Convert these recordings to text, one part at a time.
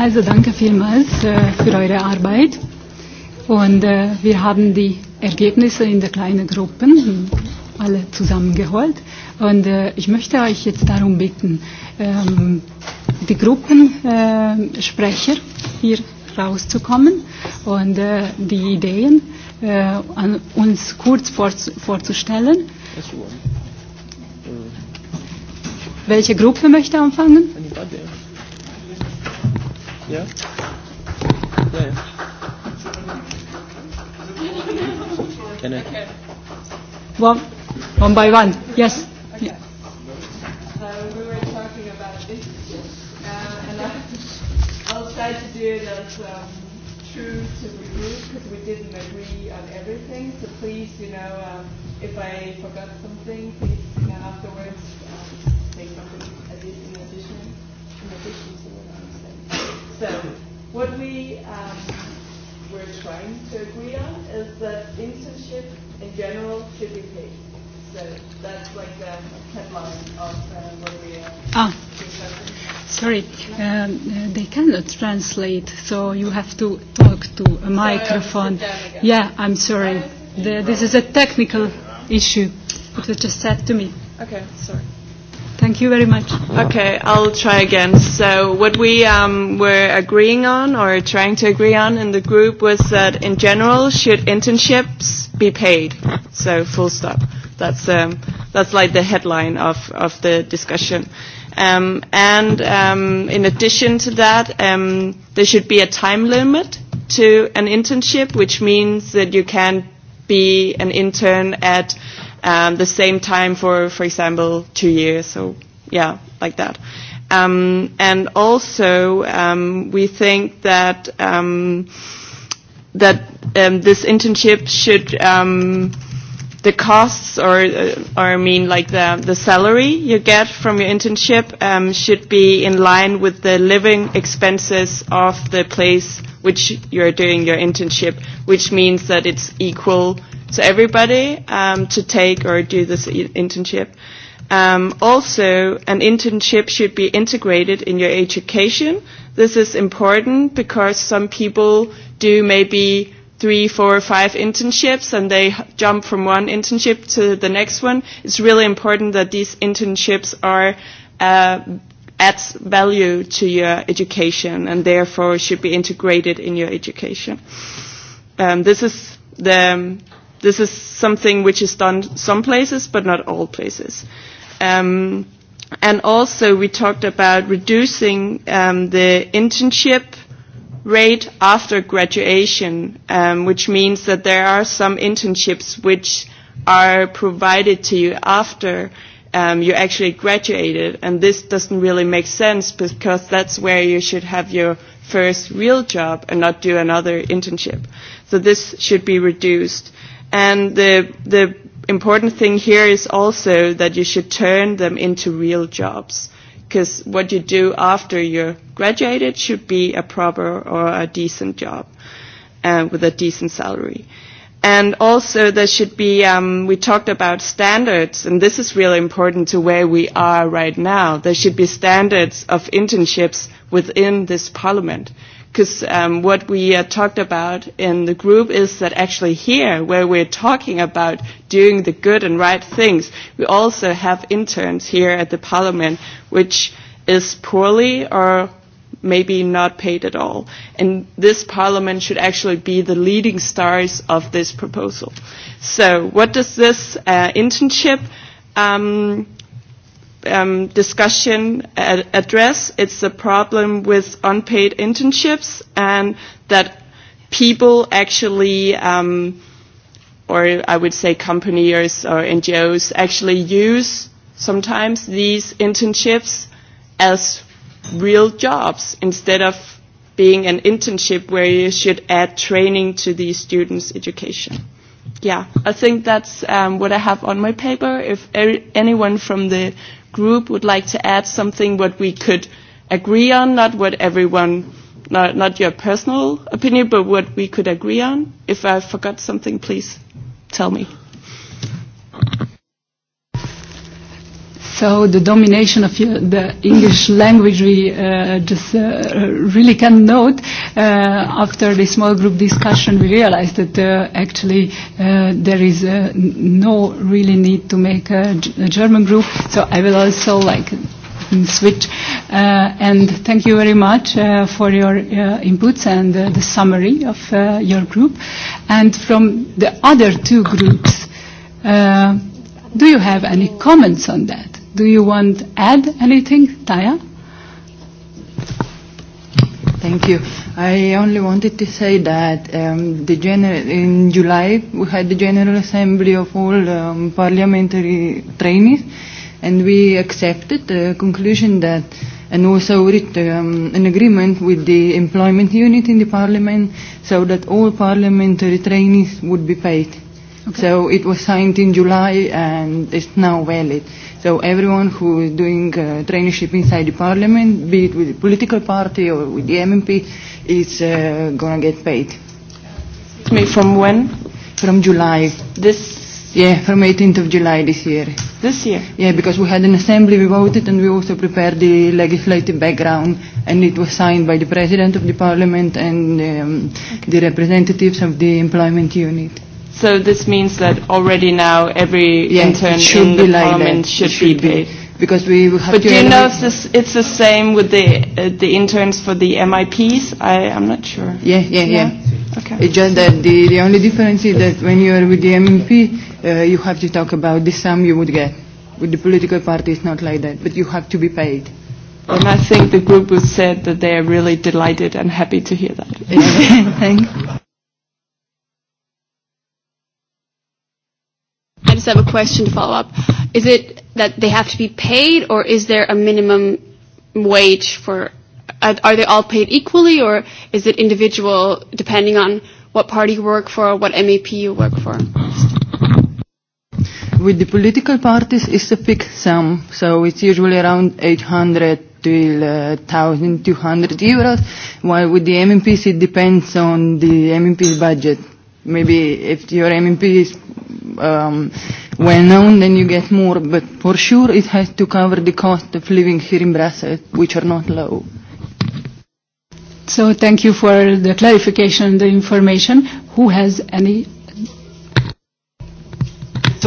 Also danke vielmals für eure Arbeit. Und wir haben die Ergebnisse in der kleinen Gruppen alle zusammengeholt. Und ich möchte euch jetzt darum bitten, die Gruppensprecher hier rauszukommen und die Ideen an uns kurz vorzustellen. Welche Gruppe möchte anfangen? Yeah. Yeah. Can I? One, one by one. Yes. Okay. So we were talking about this, uh, and I'll try to do as um, true to group because we didn't agree on everything. So please, you know, um, if I forgot something, please you know, afterwards um, say something in addition. In addition to So what we um, we're trying to agree on is that internship in general should be paid. So that's like the headline of uh, what we are. Ah. Sorry, um, they cannot translate, so you have to talk to a microphone. Yeah, I'm sorry. The, this is a technical issue. It was just said to me. Okay, sorry. Thank you very much. Okay, I'll try again. So what we um, were agreeing on or trying to agree on in the group was that in general should internships be paid? So full stop. That's, um, that's like the headline of, of the discussion. Um, and um, in addition to that, um, there should be a time limit to an internship, which means that you can't be an intern at um, the same time for, for example, two years. So, yeah, like that. Um, and also, um, we think that um, that um, this internship should um, the costs or or I mean like the the salary you get from your internship um, should be in line with the living expenses of the place which you're doing your internship, which means that it's equal to everybody um, to take or do this internship. Um, also, an internship should be integrated in your education. This is important because some people do maybe three, four, or five internships and they jump from one internship to the next one. It's really important that these internships are adds value to your education and therefore should be integrated in your education. This is the this is something which is done some places but not all places. And also we talked about reducing the internship rate after graduation, which means that there are some internships which are provided to you after you actually graduated and this doesn't really make sense because that's where you should have your first real job and not do another internship. So this should be reduced. And the the important thing here is also that you should turn them into real jobs because what you do after you're graduated should be a proper or a decent job with a decent salary. And also there should be, we talked about standards, and this is really important to where we are right now. There should be standards of internships within this parliament. Because what we talked about in the group is that actually here, where we're talking about doing the good and right things, we also have interns here at the parliament, which is poorly or maybe not paid at all. And this parliament should actually be the leading stars of this proposal. So what does this internship discussion address? It's the problem with unpaid internships and that people actually or I would say companies or NGOs actually use sometimes these internships as real jobs instead of being an internship where you should add training to the students' education. Yeah, I think that's what I have on my paper. If anyone from the group would like to add something what we could agree on, not what everyone, not, not your personal opinion, but what we could agree on. If I forgot something, please tell me. So the domination of the English language we just really can note. After the small group discussion we realized that actually there is no really need to make a German group. So I will also like switch. And thank you very much for your inputs and the summary of your group. And from the other two groups, do you have any comments on that? Do you want to add anything, Taya? Thank you. I only wanted to say that um, the in July we had the General Assembly of all um, parliamentary trainees and we accepted the conclusion that and also reached um, an agreement with the employment unit in the parliament so that all parliamentary trainees would be paid. So it was signed in July and it's now valid. So everyone who is doing traineeship inside the parliament, be it with the political party or with the MMP, is going to get paid. Me from when? From July. This? Yeah, from 18th of July this year. This year? Yeah, because we had an assembly, we voted and we also prepared the legislative background and it was signed by the president of the parliament and the representatives of the employment unit. So this means that already now every intern in the parliament should be paid. Because we have But do you know if it's the same with the the interns for the MIPs? I I'm not sure. Yeah, yeah, yeah. Okay. It's just that the the only difference is that when you are with the MMP, you have to talk about the sum you would get. With the political party, it's not like that, but you have to be paid. And I think the group has said that they are really delighted and happy to hear that. you. have a question to follow up. Is it that they have to be paid, or is there a minimum wage for? Are they all paid equally, or is it individual depending on what party you work for, or what MEP you work for? With the political parties, it's a fixed sum, so it's usually around 800 to 1,200 euros, while with the MEPs, it depends on the MEP's budget. Maybe if your MMP is well known, then you get more. But for sure, it has to cover the cost of living here in Brussels, which are not low. So thank you for the clarification the information. Who has any?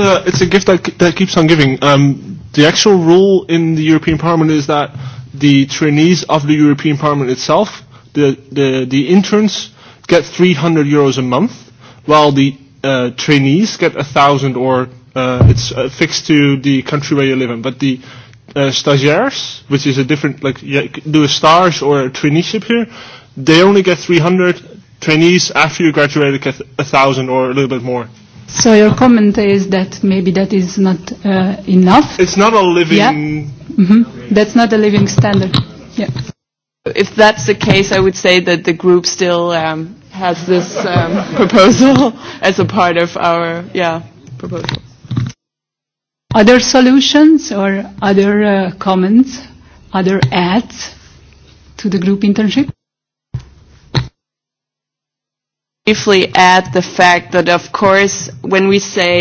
It's a gift that keeps on giving. The actual rule in the European Parliament is that the trainees of the European Parliament itself, the the the interns, get 300 euros a month while the uh, trainees get a thousand or uh, it's uh, fixed to the country where you live in. But the uh, stagiaires, which is a different, like you do a stars or a traineeship here, they only get 300. Trainees after you graduate get a thousand or a little bit more. So your comment is that maybe that is not uh, enough. It's not a living. That's not a living standard. Yeah. If that's the case, I would say that the group still um, has this um, proposal as a part of our yeah proposal. Other solutions or other uh, comments, other adds to the group internship? Briefly add the fact that of course when we say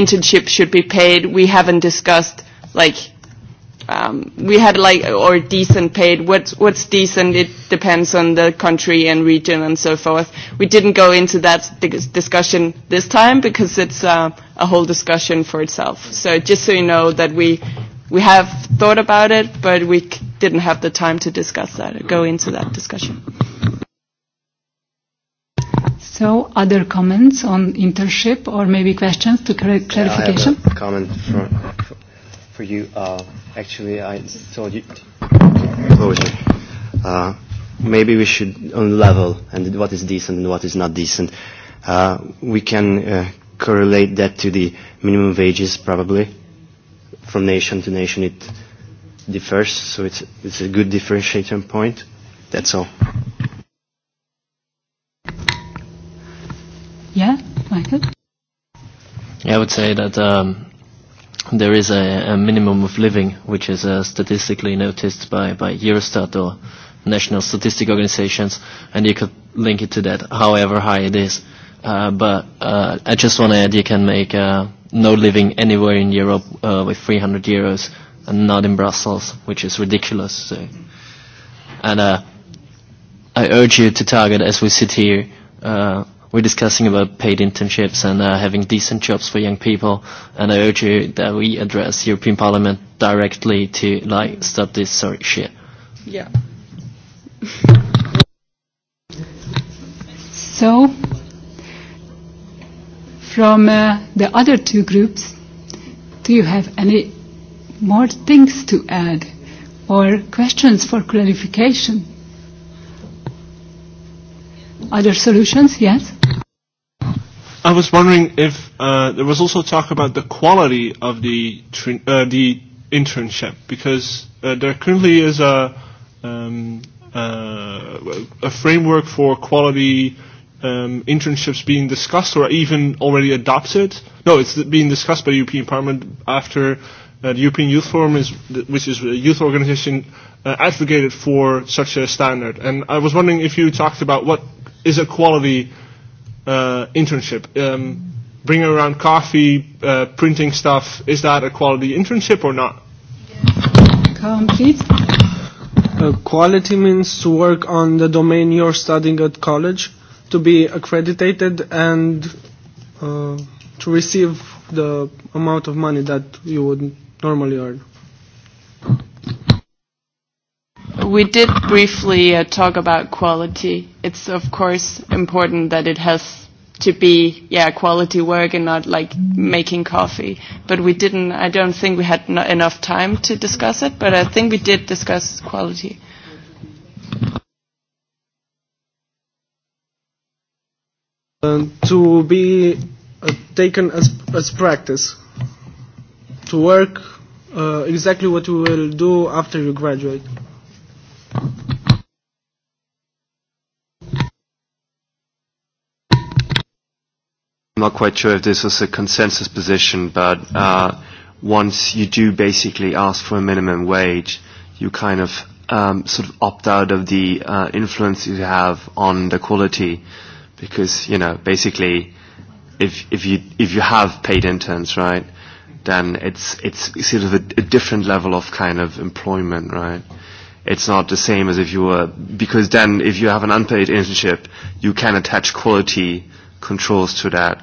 internship should be paid, we haven't discussed like um we had like or decent paid what's what's decent it depends on the country and region and so forth we didn't go into that discussion this time because it's a whole discussion for itself so just so you know that we we have thought about it but we didn't have the time to discuss that or go into that discussion so other comments on internship or maybe questions to clarification comment for you. Actually, I told you. Maybe we should on level and what is decent and what is not decent. We can correlate that to the minimum wages probably. From nation to nation it differs, so it's it's a good differentiating point. That's all. Yeah, Michael? Yeah, I would say that um there is a minimum of living which is statistically noticed by by Eurostat or national statistic organizations and you could link it to that however high it is but I just want to add you can make no living anywhere in Europe with 300 euros and not in Brussels which is ridiculous and I urge you to target as we sit here we're discussing about paid internships and having decent jobs for young people. And I urge you that we address European Parliament directly to like stop this sorry shit. Yeah. So, from the other two groups, do you have any more things to add or questions for clarification? other solutions? Yes? I was wondering if uh, there was also talk about the quality of the uh, the internship because uh, there currently is a um, uh, a framework for quality um, internships being discussed or even already adopted. No, it's being discussed by the European Parliament after uh, the European Youth Forum, is, which is a youth organization, uh, advocated for such a standard. And I was wondering if you talked about what is a quality uh, internship? Um, bringing around coffee, uh, printing stuff, is that a quality internship or not? Come, please. quality means to work on the domain you're studying at college, to be accredited and uh, to receive the amount of money that you would normally earn. We did briefly talk about quality. It's of course important that it has to be yeah quality work and not like making coffee. But we didn't. I don't think we had enough time to discuss it. But I think we did discuss quality. To be taken as as practice. To work exactly what you will do after you graduate. I'm not quite sure if this was a consensus position, but uh, once you do basically ask for a minimum wage, you kind of um, sort of opt out of the uh, influence you have on the quality, because you know basically, if if you if you have paid interns, right, then it's it's sort of a, a different level of kind of employment, right? It's not the same as if you were because then if you have an unpaid internship, you can attach quality controls to that,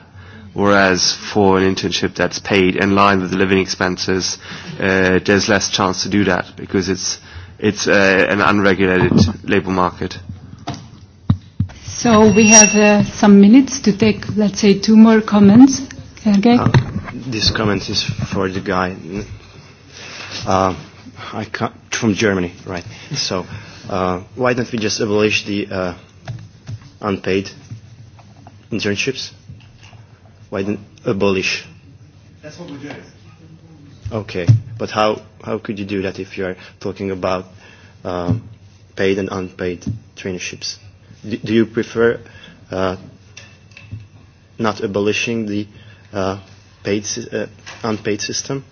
whereas for an internship that's paid in line with the living expenses, there's less chance to do that because it's it's an unregulated labour market. So we have some minutes to take, let's say, two more comments. This comment is for the guy. I can't from Germany, right? So why don't we just abolish the unpaid internships? Why didn't abolish? That's what we doing. Okay, but how how could you do that if you are talking about um, paid and unpaid traineeships? Do, do you prefer uh, not abolishing the uh, paid uh, unpaid system?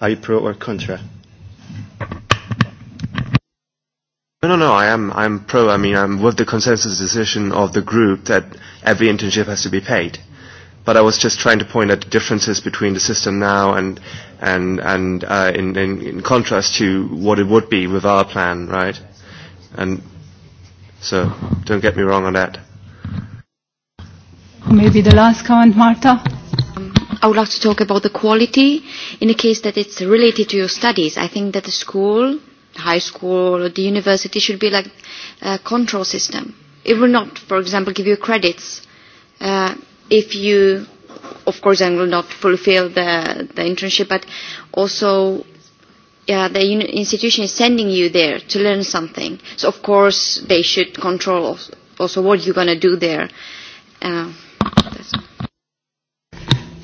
Are you pro or contra? No, no, no. I am, I'm pro. I mean, I'm with the consensus decision of the group that every internship has to be paid. But I was just trying to point at the differences between the system now and and and uh, in, in in contrast to what it would be with our plan, right? And so, don't get me wrong on that. Maybe the last comment, Marta. I would like to talk about the quality in the case that it's related to your studies. I think that the school high school or the university should be like a control system. It will not, for example, give you credits if you, of course, I will not fulfill the, the internship, but also the institution is sending you there to learn something. So, of course, they should control also what you're going to do there.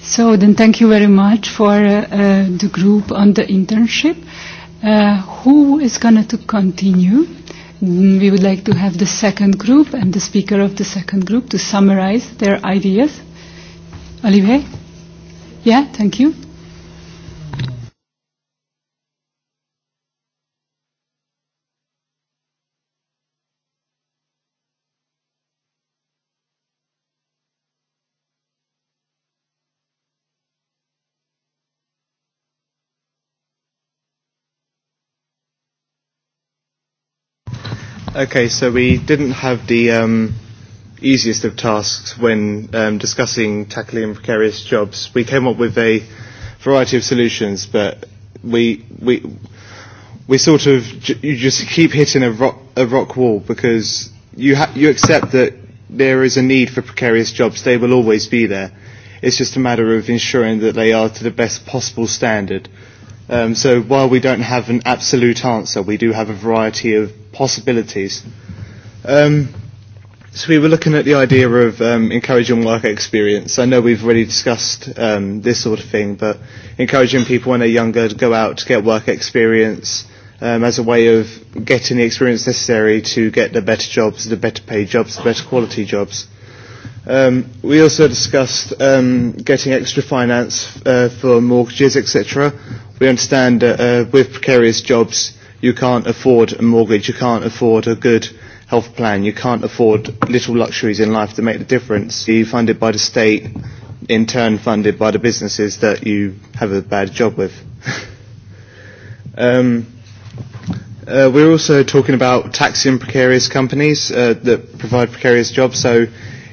so then thank you very much for the group on the internship. Uh Who is going to continue? We would like to have the second group and the speaker of the second group to summarize their ideas. Olivier? Yeah, thank you. Okay, so we didn't have the um, easiest of tasks when um, discussing tackling precarious jobs. We came up with a variety of solutions, but we we we sort of you just keep hitting a rock a rock wall because you you accept that there is a need for precarious jobs. They will always be there. It's just a matter of ensuring that they are to the best possible standard. Um, so while we don't have an absolute answer, we do have a variety of possibilities. Um, so we were looking at the idea of um, encouraging work experience. I know we've already discussed um, this sort of thing, but encouraging people when they're younger to go out to get work experience um, as a way of getting the experience necessary to get the better jobs, the better paid jobs, the better quality jobs. Um, we also discussed um, getting extra finance uh, for mortgages, etc. We understand that uh, with precarious jobs, you can't afford a mortgage, you can't afford a good health plan, you can't afford little luxuries in life that make the difference. You fund it by the state, in turn funded by the businesses that you have a bad job with. um, we're also talking about taxing precarious companies uh, that provide precarious jobs. So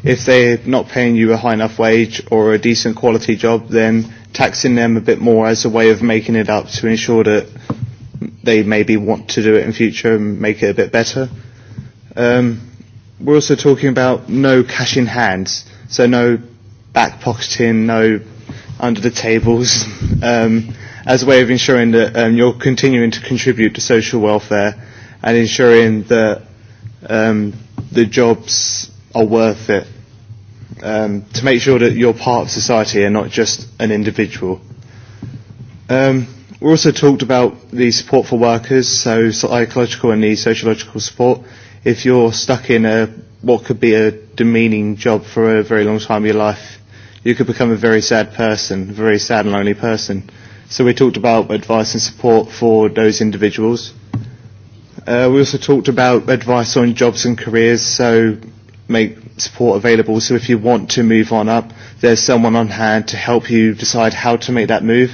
if they're not paying you a high enough wage or a decent quality job, then taxing them a bit more as a way of making it up to ensure that they maybe want to do it in future and make it a bit better. Um, we're also talking about no cash in hands, so no back pocketing, no under the tables, um, as a way of ensuring that um, you're continuing to contribute to social welfare and ensuring that um, the jobs are worth it, um, to make sure that you're part of society and not just an individual. Um, We also talked about the support for workers, so psychological and the sociological support. If you're stuck in a what could be a demeaning job for a very long time of your life, you could become a very sad person, a very sad and lonely person. So we talked about advice and support for those individuals. We also talked about advice on jobs and careers, so make support available. So if you want to move on up, there's someone on hand to help you decide how to make that move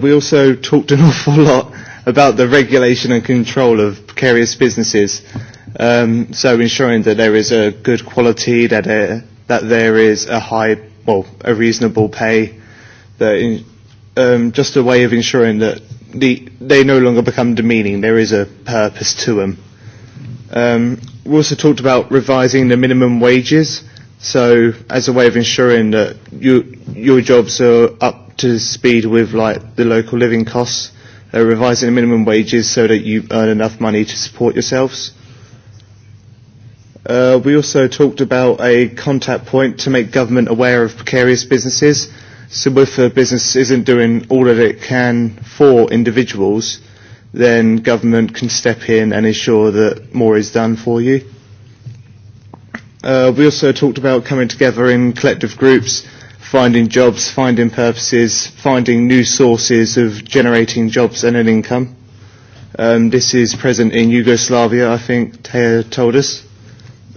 We also talked an awful lot about the regulation and control of precarious businesses, so ensuring that there is a good quality, that that there is a high, well, a reasonable pay, that just a way of ensuring that the they no longer become demeaning. There is a purpose to them. We also talked about revising the minimum wages, so as a way of ensuring that your jobs are up to speed with like the local living costs, revising the minimum wages so that you earn enough money to support yourselves. We also talked about a contact point to make government aware of precarious businesses. So if a business isn't doing all that it can for individuals, then government can step in and ensure that more is done for you. We also talked about coming together in collective groups finding jobs, finding purposes, finding new sources of generating jobs and an income. Um, this is present in Yugoslavia, I think Teo told us.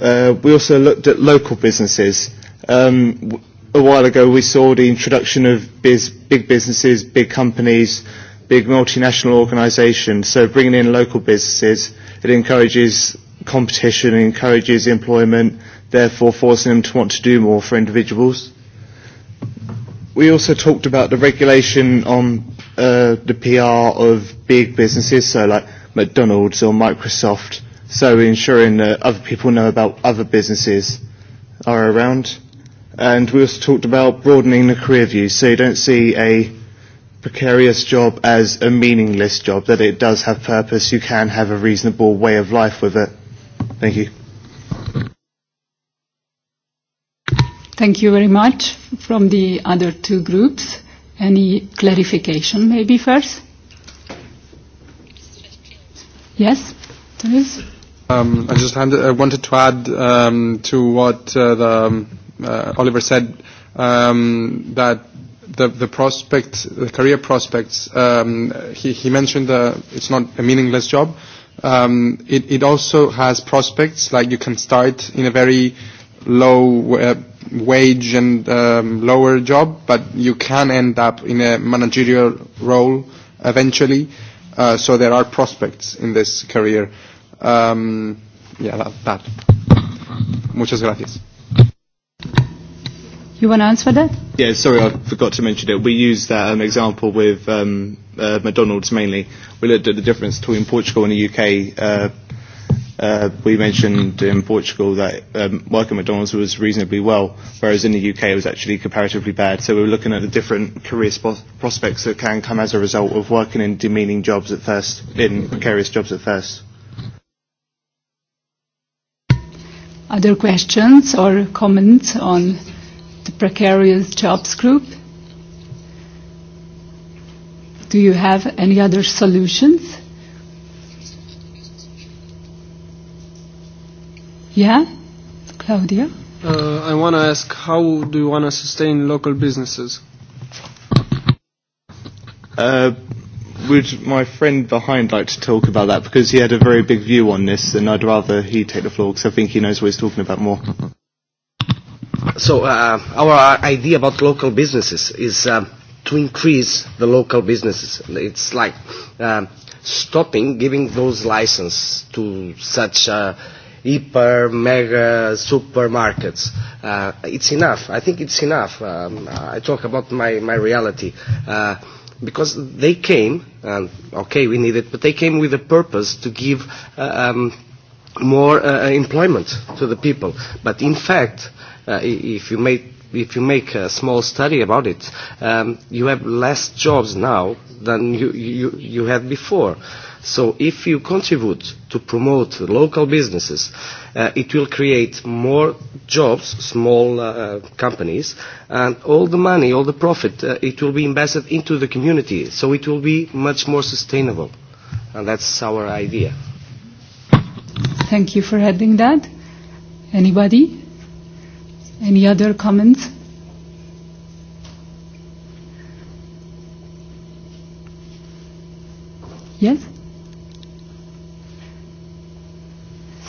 Uh, we also looked at local businesses. Um, a while ago we saw the introduction of biz, big businesses, big companies, big multinational organisations. So bringing in local businesses, it encourages competition, encourages employment, therefore forcing them to want to do more for individuals. We also talked about the regulation on the PR of big businesses, so like McDonald's or Microsoft, so ensuring that other people know about other businesses are around. And we also talked about broadening the career view, so you don't see a precarious job as a meaningless job, that it does have purpose, you can have a reasonable way of life with it. Thank you. Thank you very much. From the other two groups, any clarification maybe first? Yes, there is. I just wanted to add to what Oliver said, that the the prospects, the career prospects, he mentioned it's not a meaningless job. It also has prospects, like you can start in a very low wage and lower job, but you can end up in a managerial role eventually. So there are prospects in this career. Yeah, that. Muchas gracias. You want to answer that? Yeah, sorry, I forgot to mention it. We used that example with McDonald's mainly. We looked at the difference between Portugal and the UK We mentioned in Portugal that working at McDonald's was reasonably well, whereas in the UK it was actually comparatively bad. So we were looking at the different career prospects that can come as a result of working in demeaning jobs at first, in precarious jobs at first. Other questions or comments on the precarious jobs group? Do you have any other solutions? Yeah, Claudia. Uh, I want to ask, how do you want to sustain local businesses? Uh, would my friend behind like to talk about that because he had a very big view on this and I'd rather he take the floor because I think he knows what he's talking about more. So uh, our idea about local businesses is uh to increase the local businesses. It's like stopping giving those licenses to such uh, hyper, mega supermarkets. It's enough. I think it's enough. I talk about my my reality because they came, and okay, we need it, but they came with a purpose to give more employment to the people. But in fact, if you make if you make a small study about it, you have less jobs now than you you you had before. So if you contribute to promote local businesses, it will create more jobs, small companies, and all the money, all the profit, it will be invested into the community. So it will be much more sustainable. And that's our idea. Thank you for adding that. Anybody? Any other comments? Yes?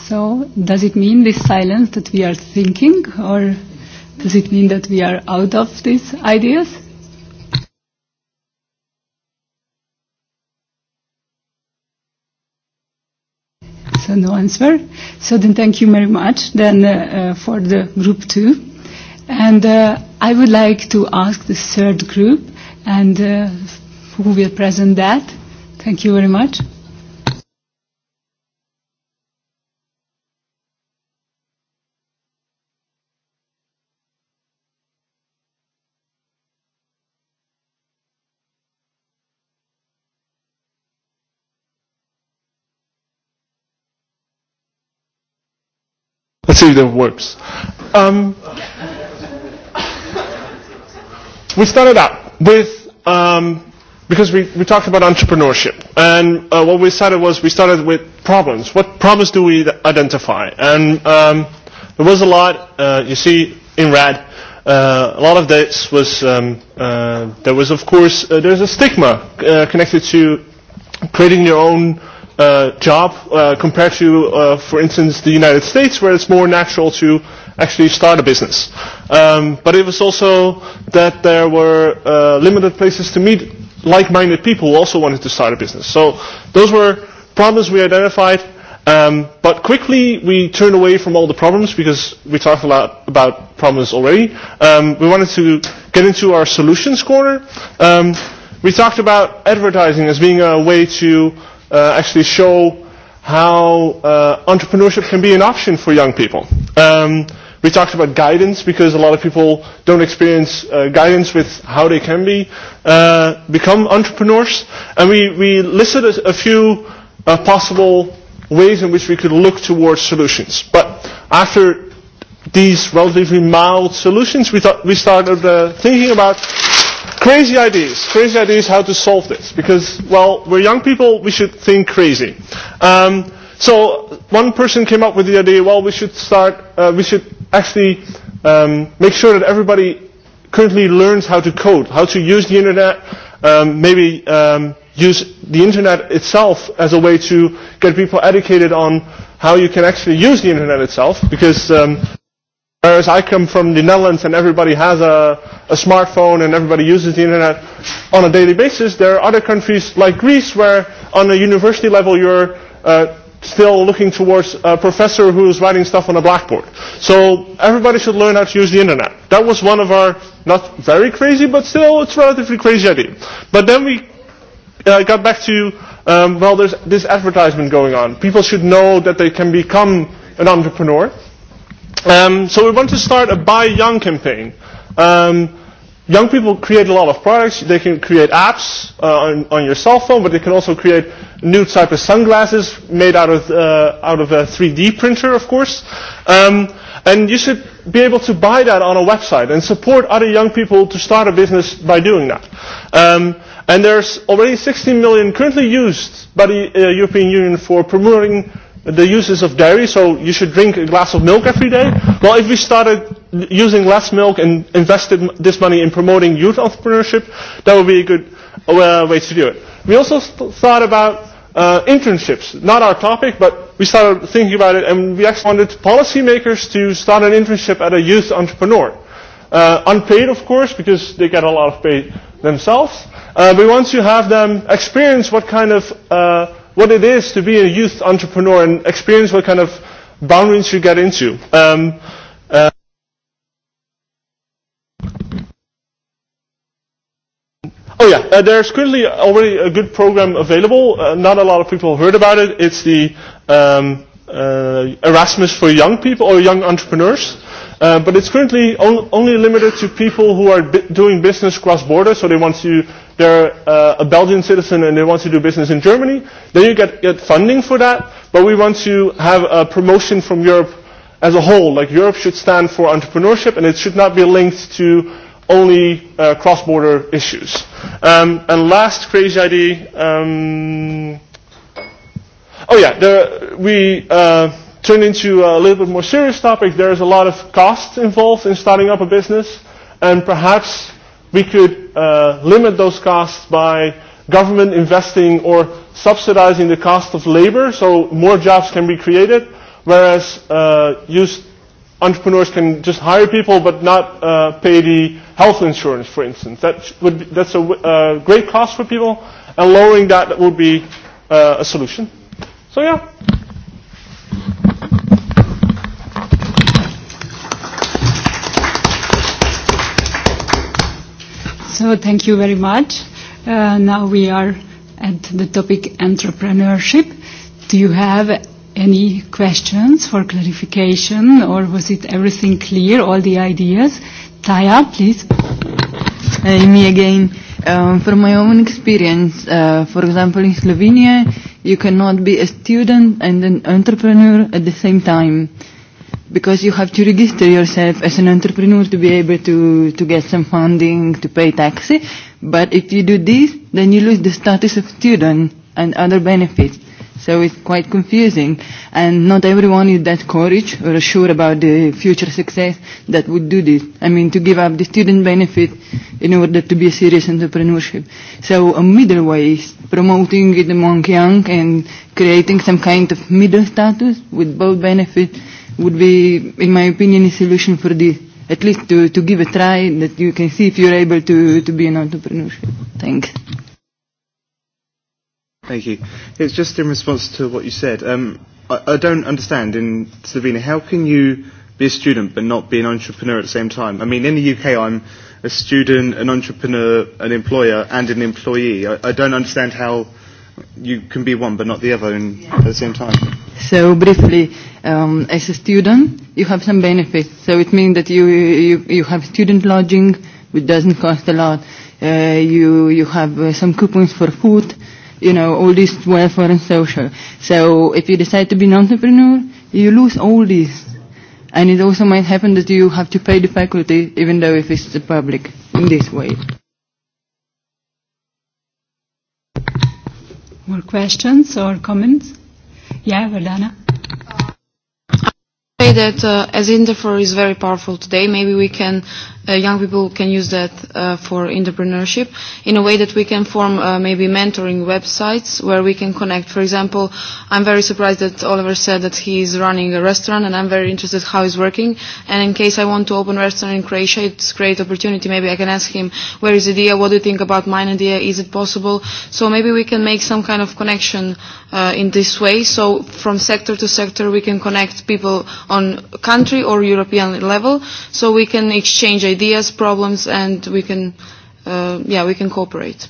So does it mean this silence that we are thinking or does it mean that we are out of these ideas? So no answer. So then thank you very much then for the group two. And I would like to ask the third group and who will present that. Thank you very much. see if works. Um, we started out with, um, because we, we talked about entrepreneurship, and uh, what we started was we started with problems. What problems do we identify? And um, there was a lot, uh, you see in red, uh, a lot of this was, um, uh, there was of course, uh, there's a stigma uh, connected to creating your own job compared to, for instance, the United States, where it's more natural to actually start a business. But it was also that there were limited places to meet like-minded people who also wanted to start a business. So those were problems we identified, but quickly we turned away from all the problems because we talked a lot about problems already. We wanted to get into our solutions corner. We talked about advertising as being a way to actually show how entrepreneurship can be an option for young people. We talked about guidance because a lot of people don't experience guidance with how they can be become entrepreneurs, and we we listed a few possible ways in which we could look towards solutions. But after these relatively mild solutions, we we started thinking about Crazy ideas. Crazy ideas how to solve this. Because, well, we're young people, we should think crazy. Um, so one person came up with the idea, well, we should start, uh, we should actually um, make sure that everybody currently learns how to code, how to use the internet, um, maybe um, use the internet itself as a way to get people educated on how you can actually use the internet itself, because um, Whereas I come from the Netherlands and everybody has a, a smartphone and everybody uses the internet on a daily basis, there are other countries like Greece where on a university level you're uh, still looking towards a professor who is writing stuff on a blackboard. So everybody should learn how to use the internet. That was one of our, not very crazy, but still it's relatively crazy idea. But then we uh, got back to, um, well, there's this advertisement going on. People should know that they can become an entrepreneur. Um, so we want to start a Buy Young campaign. Um, young people create a lot of products. They can create apps on, on your cell phone, but they can also create new type of sunglasses made out of, out of a 3D printer, of course. Um, and you should be able to buy that on a website and support other young people to start a business by doing that. Um, and there's already 16 million currently used by the European Union for promoting the uses of dairy, so you should drink a glass of milk every day. Well, if we started using less milk and invested this money in promoting youth entrepreneurship, that would be a good way to do it. We also thought about internships, not our topic, but we started thinking about it, and we actually wanted policymakers to start an internship at a youth entrepreneur. Unpaid, of course, because they get a lot of pay themselves. We want to have them experience what kind of what it is to be a youth entrepreneur and experience what kind of boundaries you get into. Um, Oh yeah, there's currently already a good program available. not a lot of people have heard about it. It's the um, Erasmus for young people or young entrepreneurs. but it's currently only limited to people who are doing business cross-border, so they want to they're a Belgian citizen and they want to do business in Germany, then you get, get funding for that, but we want to have a promotion from Europe as a whole. Like Europe should stand for entrepreneurship and it should not be linked to only cross-border issues. Um, and last crazy idea, um, oh yeah, the, we uh, turned into a little bit more serious topic. There is a lot of costs involved in starting up a business and perhaps we could limit those costs by government investing or subsidizing the cost of labor so more jobs can be created, whereas used entrepreneurs can just hire people but not pay the health insurance, for instance. That would that's a great cost for people, and lowering that would be a solution. So yeah. So thank you very much. Now we are at the topic entrepreneurship. Do you have any questions for clarification or was it everything clear, all the ideas? Taya, please. Me again. From my own experience, for example in Slovenia, you cannot be a student and an entrepreneur at the same time because you have to register yourself as an entrepreneur to be able to to get some funding to pay taxes, but if you do this then you lose the status of student and other benefits so it's quite confusing and not everyone is that courage or sure about the future success that would do this i mean to give up the student benefit in order to be a serious entrepreneurship so a middle way is promoting it among young and creating some kind of middle status with both benefits would be, in my opinion, a solution for this. At least to, to give a try that you can see if you're able to, to be an entrepreneur. Thanks. Thank you. It's just in response to what you said. Um, I, don't understand in Slovenia, how can you be a student but not be an entrepreneur at the same time? I mean, in the UK, I'm a student, an entrepreneur, an employer, and an employee. I, I don't understand how you can be one but not the other at the same time. So briefly, um, as a student, you have some benefits. So it means that you, you, you have student lodging, which doesn't cost a lot. Uh, you, you have some coupons for food, you know, all this welfare and social. So if you decide to be an entrepreneur, you lose all this. And it also might happen that you have to pay the faculty, even though if it's the public, in this way. More questions or comments? Yeah, Verdana. I say that as Interfor is very powerful today, maybe we can young people can use that for entrepreneurship in a way that we can form maybe mentoring websites where we can connect. For example, I'm very surprised that Oliver said that he is running a restaurant and I'm very interested how he's working. And in case I want to open a restaurant in Croatia, it's a great opportunity. Maybe I can ask him, where is the idea? What do you think about my idea? Is it possible? So maybe we can make some kind of connection in this way. So from sector to sector we can connect people on country or European level so we can exchange ideas, problems and we can yeah we can cooperate.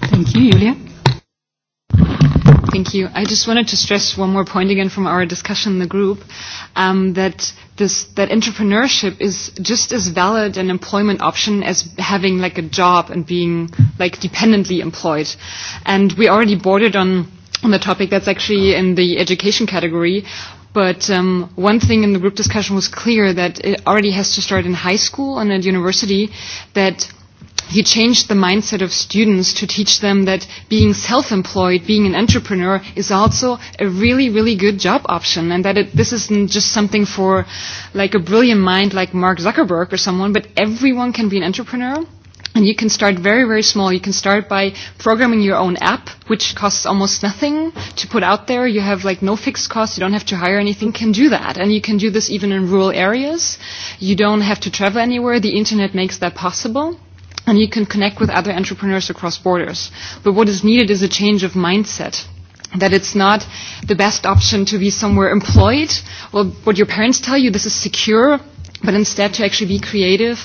Thank you, Julia. Thank you. I just wanted to stress one more point again from our discussion in the group, um, that this that entrepreneurship is just as valid an employment option as having like a job and being like dependently employed. And we already bordered on on the topic that's actually in the education category. But um, one thing in the group discussion was clear that it already has to start in high school and at university that he changed the mindset of students to teach them that being self-employed, being an entrepreneur is also a really, really good job option and that it, this isn't just something for like a brilliant mind like Mark Zuckerberg or someone, but everyone can be an entrepreneur. And you can start very, very small. You can start by programming your own app, which costs almost nothing to put out there. You have like no fixed costs. You don't have to hire anything. You can do that. And you can do this even in rural areas. You don't have to travel anywhere. The internet makes that possible and you can connect with other entrepreneurs across borders. But what is needed is a change of mindset that it's not the best option to be somewhere employed. Well, what your parents tell you, this is secure, but instead to actually be creative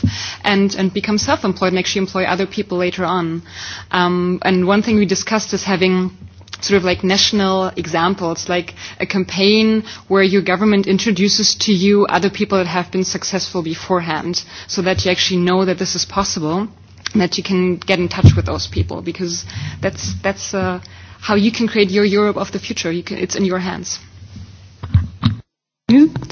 and, and become self-employed and actually employ other people later on. Um, and one thing we discussed is having sort of like national examples, like a campaign where your government introduces to you other people that have been successful beforehand so that you actually know that this is possible that you can get in touch with those people because that's that's how you can create your Europe of the future. You it's in your hands.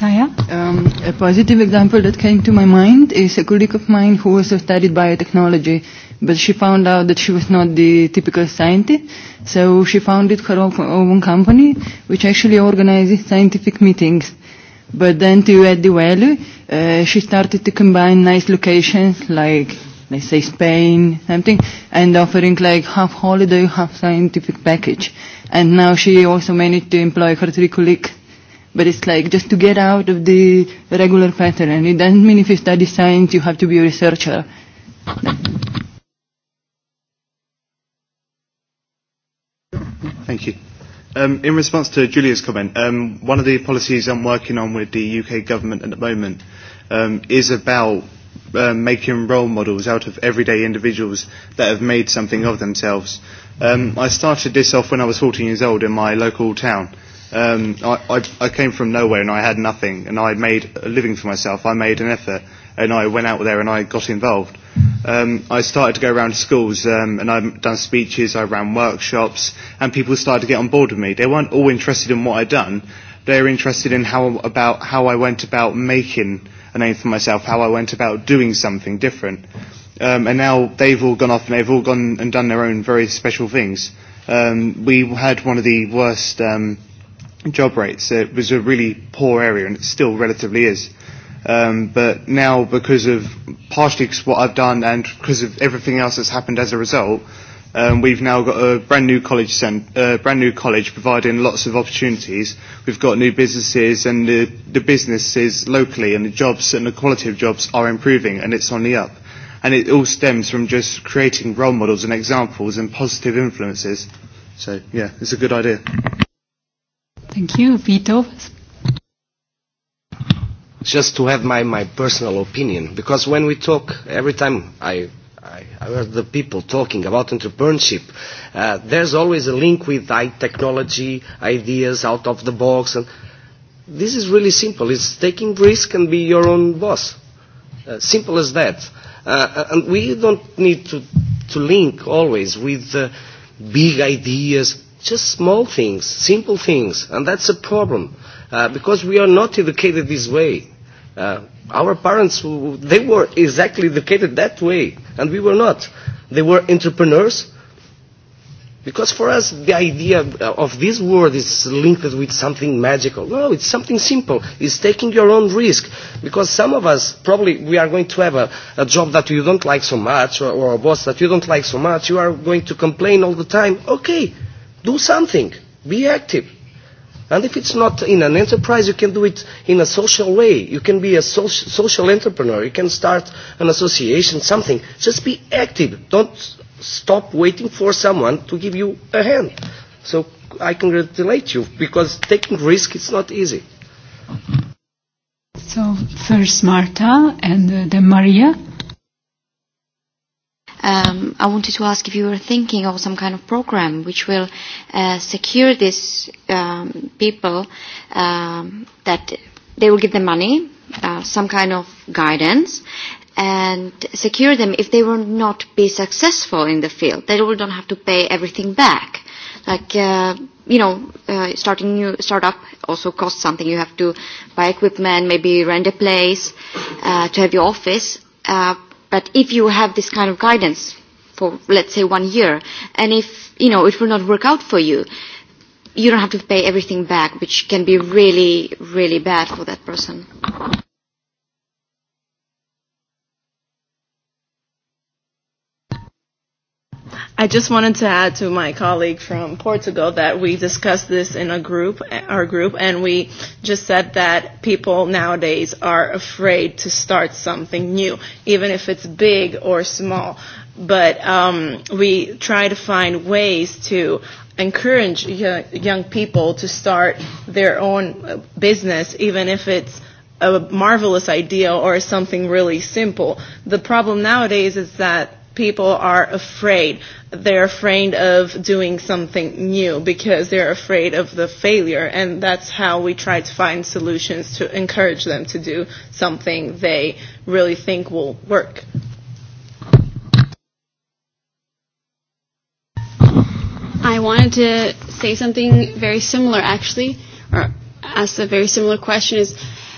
Taya? Um, a positive example that came to my mind is a colleague of mine who also studied biotechnology, but she found out that she was not the typical scientist, so she founded her own company, which actually organizes scientific meetings. But then to add the value, she started to combine nice locations like They say Spain, something, and offering like half holiday, half scientific package. And now she also managed to employ her three colleagues. But it's like just to get out of the regular pattern. It doesn't mean if you study science, you have to be a researcher. Thank you. Um, in response to Julia's comment, um, one of the policies I'm working on with the UK government at the moment um, is about making role models out of everyday individuals that have made something of themselves. I started this off when I was 14 years old in my local town. I I came from nowhere and I had nothing and I made a living for myself. I made an effort and I went out there and I got involved. I started to go around schools and I've done speeches, I ran workshops and people started to get on board with me. They weren't all interested in what I'd done. They were interested in how about how I went about making a name for myself, how I went about doing something different. Um, and now they've all gone off and they've all gone and done their own very special things. Um, we had one of the worst um, job rates. It was a really poor area and it still relatively is. Um, but now because of partially what I've done and because of everything else that's happened as a result, We've now got a brand new college, brand new college providing lots of opportunities. We've got new businesses and the businesses locally and the jobs and the quality of jobs are improving and it's on the up. And it all stems from just creating role models and examples and positive influences. So, yeah, it's a good idea. Thank you. Vito? Just to have my, my personal opinion, because when we talk, every time I I heard the people talking about entrepreneurship. There's always a link with technology, ideas out of the box. and This is really simple. It's taking risk and be your own boss. Simple as that. And we don't need to to link always with big ideas, just small things, simple things. And that's a problem because we are not educated this way. Our parents, they were exactly educated that way, and we were not. They were entrepreneurs, because for us the idea of this word is linked with something magical. No, it's something simple. It's taking your own risk, because some of us probably we are going to have a job that you don't like so much, or a boss that you don't like so much. You are going to complain all the time. Okay, do something. Be active And if it's not in an enterprise, you can do it in a social way. You can be a social entrepreneur. You can start an association, something. Just be active. Don't stop waiting for someone to give you a hand. So I congratulate you because taking risk is not easy. So first Marta and then Maria um, I wanted to ask if you were thinking of some kind of program which will secure these um, people um, that they will give them money, some kind of guidance, and secure them if they will not be successful in the field. They will not have to pay everything back. Like, you know, starting new startup also costs something. You have to buy equipment, maybe rent a place to have your office But if you have this kind of guidance for, let's say, one year, and if, you know, it will not work out for you, you don't have to pay everything back, which can be really, really bad for that person. I just wanted to add to my colleague from Portugal that we discussed this in a group, our group, and we just said that people nowadays are afraid to start something new, even if it's big or small. But um, we try to find ways to encourage young people to start their own business, even if it's a marvelous idea or something really simple. The problem nowadays is that people are afraid they're afraid of doing something new because they're afraid of the failure and that's how we try to find solutions to encourage them to do something they really think will work. I wanted to say something very similar actually or ask a very similar question is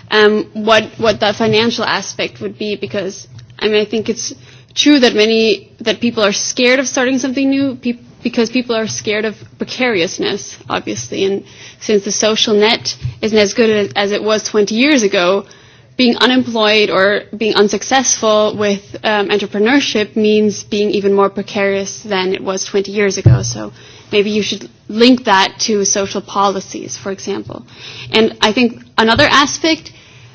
um what what that financial aspect would be because I mean I think it's true that many that people are scared of starting something new because people are scared of precariousness, obviously. And since the social net isn't as good as it was 20 years ago, being unemployed or being unsuccessful with entrepreneurship means being even more precarious than it was 20 years ago. So maybe you should link that to social policies, for example. And I think another aspect,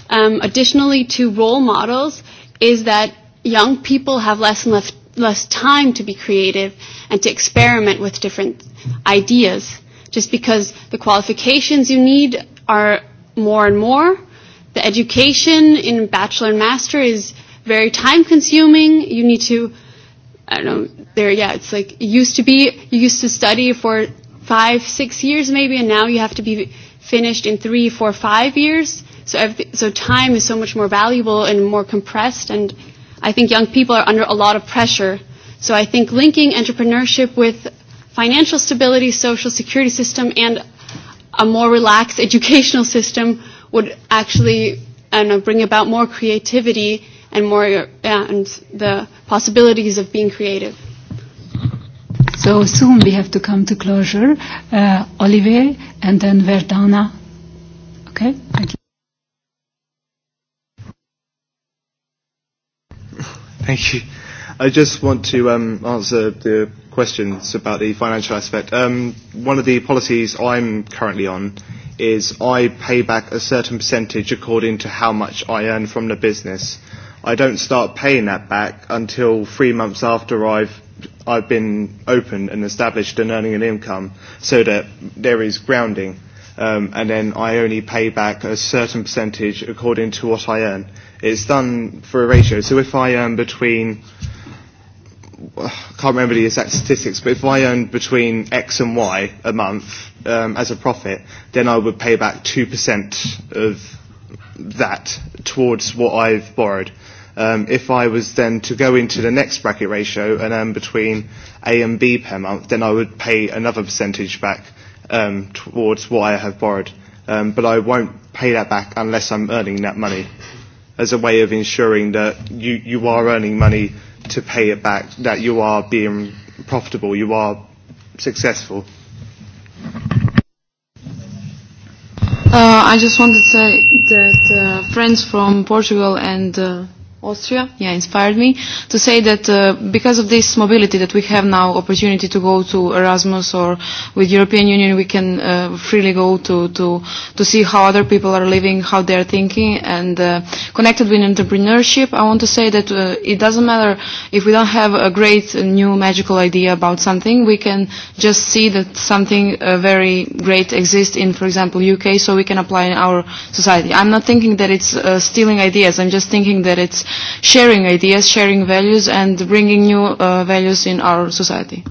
additionally to role models, is that young people have less and less less time to be creative and to experiment with different ideas just because the qualifications you need are more and more the education in bachelor and master is very time consuming you need to i don't know there yeah it's like it used to be you used to study for five six years maybe and now you have to be finished in three four five years so so time is so much more valuable and more compressed and I think young people are under a lot of pressure. So I think linking entrepreneurship with financial stability, social security system, and a more relaxed educational system would actually bring about more creativity and more and the possibilities of being creative. So soon we have to come to closure. Olivier and then Verdana. Okay, thank you. Thank you. I just want to um, answer the questions about the financial aspect. Um, one of the policies I'm currently on is I pay back a certain percentage according to how much I earn from the business. I don't start paying that back until three months after I've I've been open and established and earning an income so that there is grounding. Um, and then I only pay back a certain percentage according to what I earn it's done for a ratio. So if I earn between, I can't remember the exact statistics, but if I earn between X and Y a month um, as a profit, then I would pay back 2% of that towards what I've borrowed. Um, if I was then to go into the next bracket ratio and earn between A and B per month, then I would pay another percentage back um, towards what I have borrowed. Um, but I won't pay that back unless I'm earning that money as a way of ensuring that you, you are earning money to pay it back, that you are being profitable, you are successful? Uh, I just wanted to say that friends from Portugal and Austria, yeah, inspired me to say that because of this mobility that we have now, opportunity to go to Erasmus or with European Union, we can freely go to to to see how other people are living, how they are thinking, and connected with entrepreneurship. I want to say that it doesn't matter if we don't have a great new magical idea about something, we can just see that something very great exists in, for example, UK, so we can apply in our society. I'm not thinking that it's stealing ideas. I'm just thinking that it's sharing ideas, sharing values, and bringing new values in our society.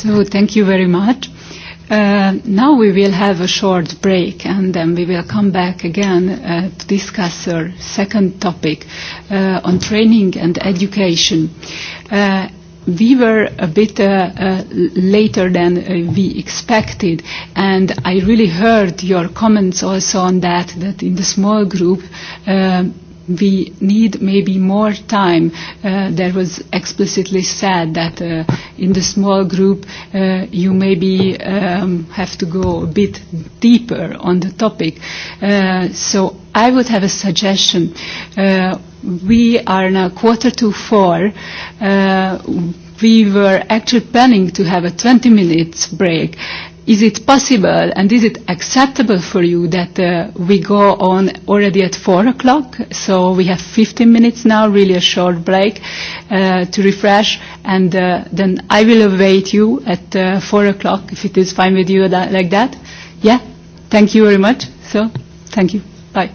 So thank you very much. Now we will have a short break and then we will come back again to discuss our second topic on training and education we were a bit later than we expected and I really heard your comments also on that that in the small group we need maybe more time. There was explicitly said that in the small group you maybe have to go a bit deeper on the topic. So I would have a suggestion. We are now quarter to four. We were actually planning to have a 20 minutes break is it possible and is it acceptable for you that we go on already at four o'clock? So we have 15 minutes now, really a short break to refresh, and then I will await you at four o'clock if it is fine with you like that. Yeah, thank you very much. So, thank you. Bye.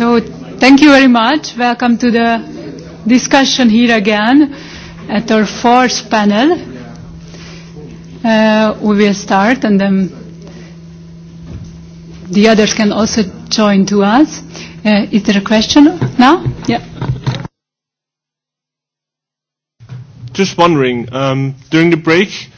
So thank you very much. Welcome to the discussion here again at our fourth panel. Uh, we will start and then the others can also join to us. is there a question now? Yeah. Just wondering, um, during the break,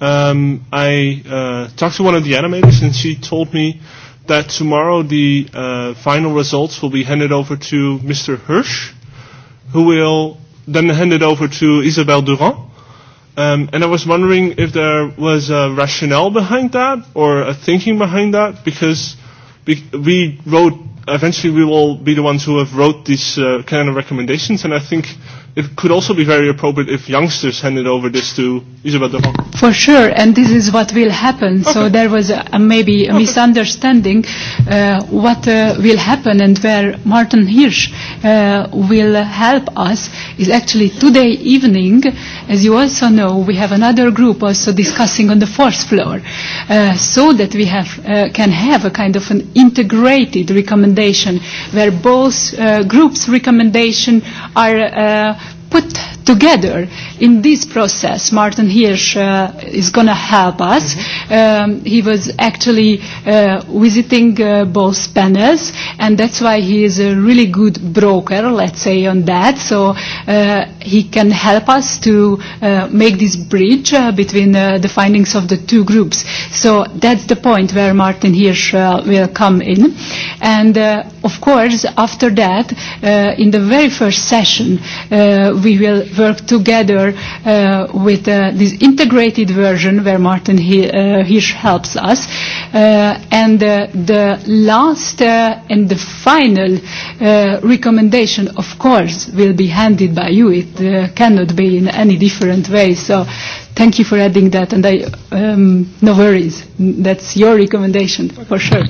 um, I uh, talked to one of the animators and she told me that tomorrow the uh, final results will be handed over to Mr. Hirsch, who will then hand it over to Isabelle Durand. Um, and I was wondering if there was a rationale behind that or a thinking behind that, because we, wrote, eventually we will be the ones who have wrote these uh, kind of recommendations, and I think It could also be very appropriate if youngsters handed over this to Isabel Durand. For sure, and this is what will happen. So there was maybe a misunderstanding what will happen and where Martin Hirsch will help us is actually today evening, as you also know, we have another group also discussing on the fourth floor so that we have can have a kind of an integrated recommendation where both groups' recommendations are put together in this process. Martin Hirsch is going to help us. He was actually visiting both panels and that's why he is a really good broker, let's say, on that. So he can help us to make this bridge between the findings of the two groups. So that's the point where Martin Hirsch will come in. And of course, after that, in the very first session, we will work together with this integrated version where Martin Hirsch helps us. And the last and the final recommendation, of course, will be handed by you. It cannot be in any different way. So thank you for adding that. And I, no worries, that's your recommendation for sure.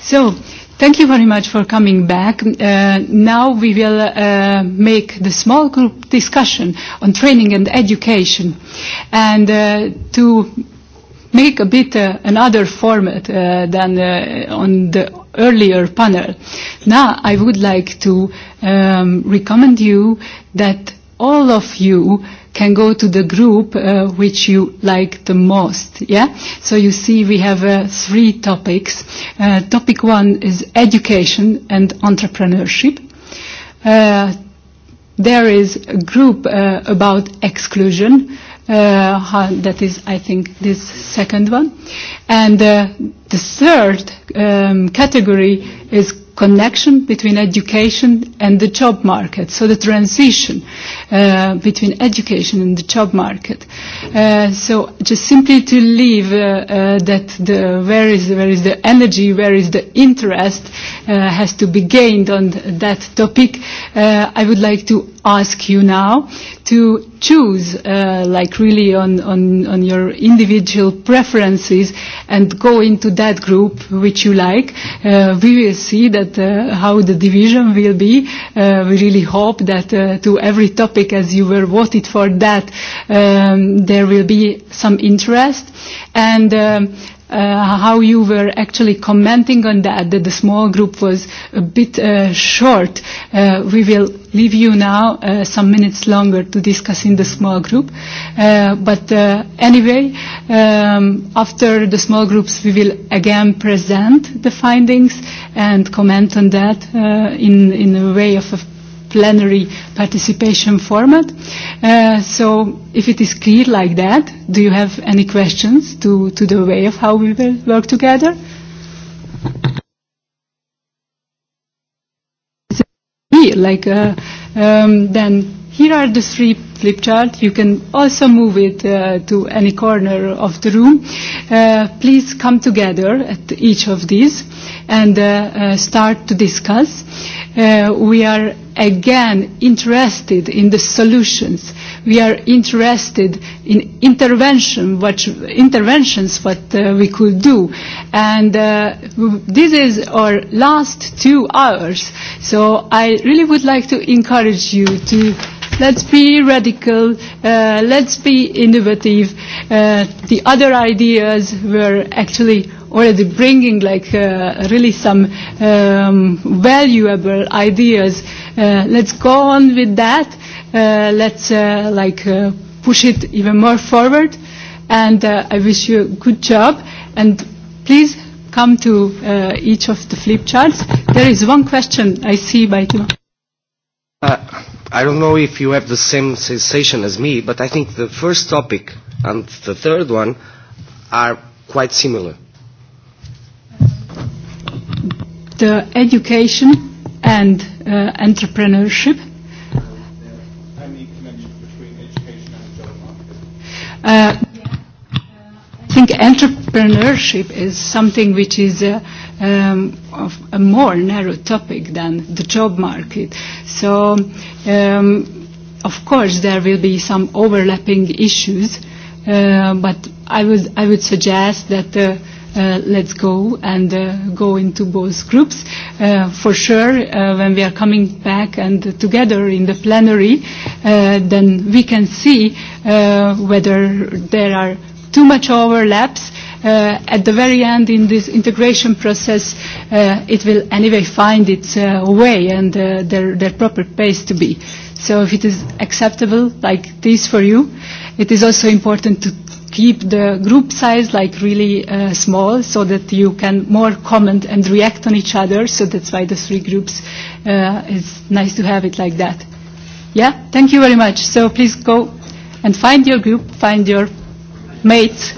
So Thank you very much for coming back. Now we will make the small group discussion on training and education. And to make a bit another format than on the earlier panel, now I would like to recommend you that all of you can go to the group which you like the most. Yeah? So you see we have three topics. Topic one is education and entrepreneurship. There is a group about exclusion that is I think this second one. And the third category is connection between education and the job market, so the transition between education and the job market. So just simply to leave that the where is where is the energy, where is the interest has to be gained on that topic. I would like to ask you now to choose like really on on on your individual preferences and go into that group which you like we will see that how the division will be we really hope that to every topic as you were voted for that there will be some interest and how you were actually commenting on that, that the small group was a bit short. We will leave you now some minutes longer to discuss in the small group. But anyway, after the small groups, we will again present the findings and comment on that in a way of a plenary participation format. So if it is clear like that, do you have any questions to to the way of how we will work together? Like then Here are the three flip charts. You can also move it to any corner of the room. Please come together at each of these and start to discuss. We are again interested in the solutions. We are interested in intervention, what interventions what we could do. And this is our last two hours. So I really would like to encourage you to let's be radical, let's be innovative. The other ideas were actually already bringing like really some valuable ideas. Let's go on with that. Let's like push it even more forward. And I wish you a good job. And please come to each of the flip charts. There is one question I see by. I don't know if you have the same sensation as me, but I think the first topic and the third one are quite similar. The education and entrepreneurship. Uh I think entrepreneurship is something which is of a more narrow topic than the job market. So, of course, there will be some overlapping issues, but I would I would suggest that let's go and go into both groups. For sure, when we are coming back and together in the plenary, then we can see whether there are too much overlaps at the very end in this integration process it will anyway find its way and their proper place to be. So if it is acceptable like this for you, it is also important to keep the group size like really small so that you can more comment and react on each other. So that's why the three groups, it's nice to have it like that. Yeah, thank you very much. So please go and find your group, find your mates.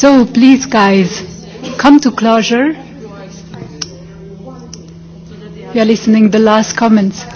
So please, guys, come to closure. We are listening the last comments.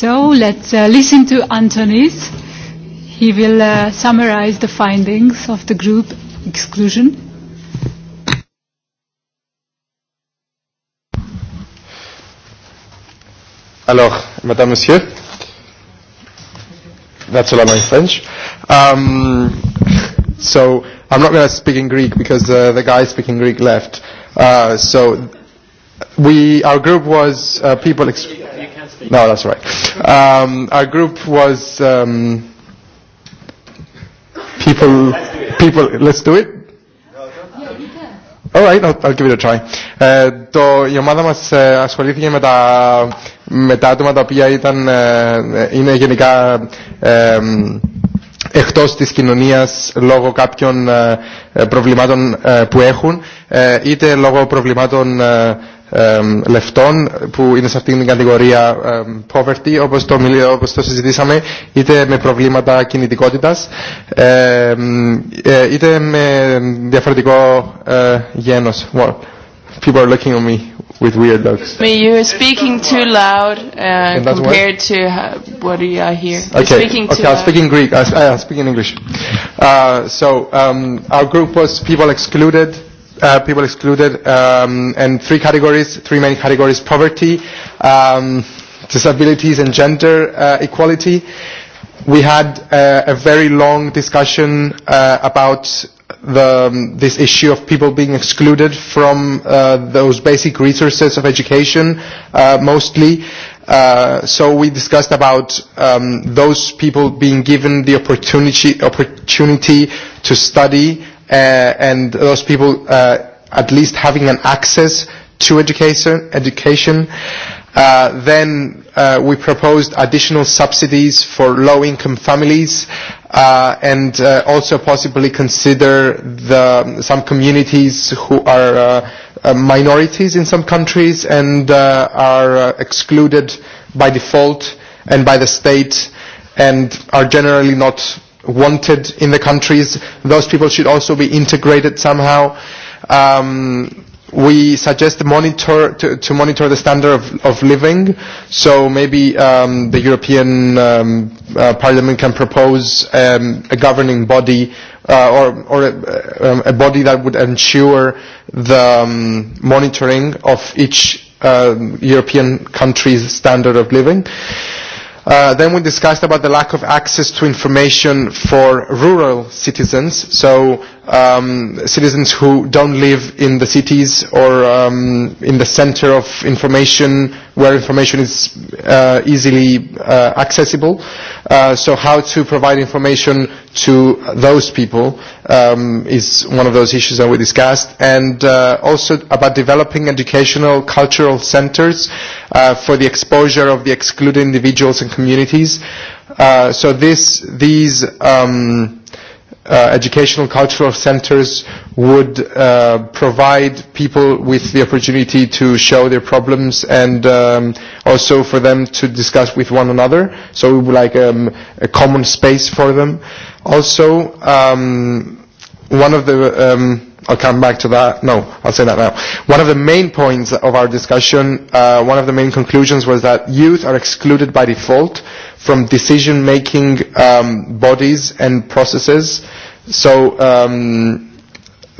So let's listen to Antonis. He will summarize the findings of the group exclusion. Alors, Madame, Monsieur, that's all lot in French. Um, so I'm not going to speak in Greek because uh, the guy speaking Greek left. Uh, so We, our group was uh, people. Ex- no, that's right. Um, our group was um, people. People, let's do it. All right, I'll give it a try. Ε, το, η ομάδα μας ε, ασχολήθηκε με τα, με τα άτομα τα οποία ήταν, ε, είναι γενικά ε, εκτός της κοινωνίας λόγω κάποιων ε, προβλημάτων ε, που έχουν, ε, είτε λόγω προβλημάτων λεφτών που είναι σε αυτήν την κατηγορία poverty όπως το, όπως το συζητήσαμε είτε με προβλήματα κινητικότητας είτε με διαφορετικό γένος. People are looking at me with weird looks. Me, you are speaking too loud uh, compared to what you are here. Okay, speaking okay, I'm speaking Greek. I, speak in English. Uh, so um, our group was people excluded people excluded and three categories, three main categories, poverty, disabilities and gender equality. We had a very long discussion about the this issue of people being excluded from those basic resources of education mostly so we discussed about those people being given the opportunity opportunity to study and those people at least having an access to education, education. Then we proposed additional subsidies for low-income families and also possibly consider the some communities who are minorities in some countries and are excluded by default and by the state and are generally not wanted in the countries. Those people should also be integrated somehow. Um, we suggest monitor, to, to monitor the standard of, of living. So maybe um, the European Parliament can propose um, a governing body or, or a, a body that would ensure the monitoring of each European country's standard of living. Then we discussed about the lack of access to information for rural citizens. So citizens who don't live in the cities or in the center of information where information is easily accessible so how to provide information to those people is one of those issues that we discussed and also about developing educational cultural centers for the exposure of the excluded individuals and communities so this these um educational cultural centers would uh provide people with the opportunity to show their problems and also for them to discuss with one another. So we would like a common space for them. Also, one of the I'll come back to that. No, I'll say that now. One of the main points of our discussion, one of the main conclusions was that youth are excluded by default from decision-making bodies and processes, so um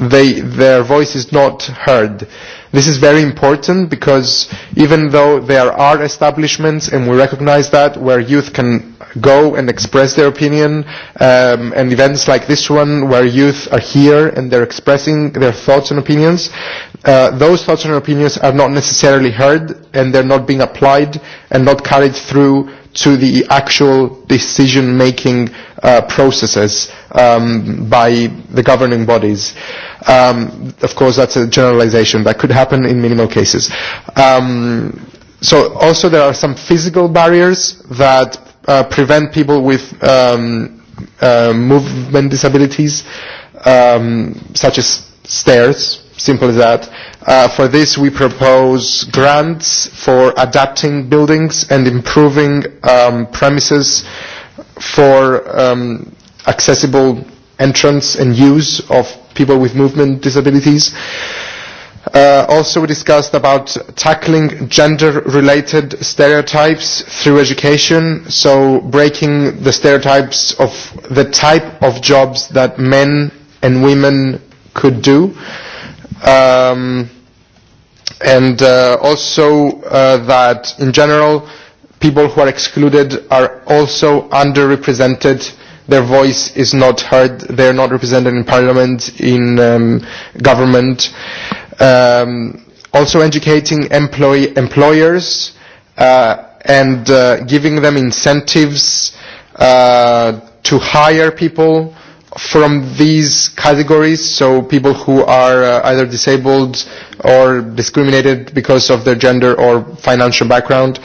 they their voice is not heard. This is very important because even though there are establishments, and we recognize that, where youth can go and express their opinion and events like this one where youth are here and they're expressing their thoughts and opinions those thoughts and opinions are not necessarily heard and they're not being applied and not carried through to the actual decision making processes by the governing bodies of course that's a generalization that could happen in minimal cases so also there are some physical barriers that prevent people with movement disabilities such as stairs, simple as that. For this we propose grants for adapting buildings and improving premises for accessible entrance and use of people with movement disabilities. Also we discussed about tackling gender-related stereotypes through education, so breaking the stereotypes of the type of jobs that men and women could do, and also that in general people who are excluded are also underrepresented their voice is not heard, they are not represented in parliament, in government um also educating employers and giving them incentives to hire people from these categories, so people who are either disabled or discriminated because of their gender or financial background,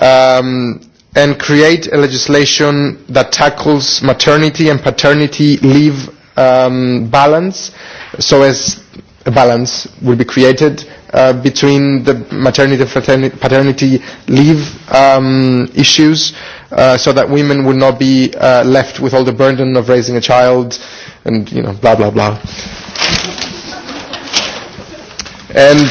and create a legislation that tackles maternity and paternity leave balance so as a balance will be created between the maternity and paternity leave issues so that women would not be left with all the burden of raising a child and, you know, blah, blah, blah. And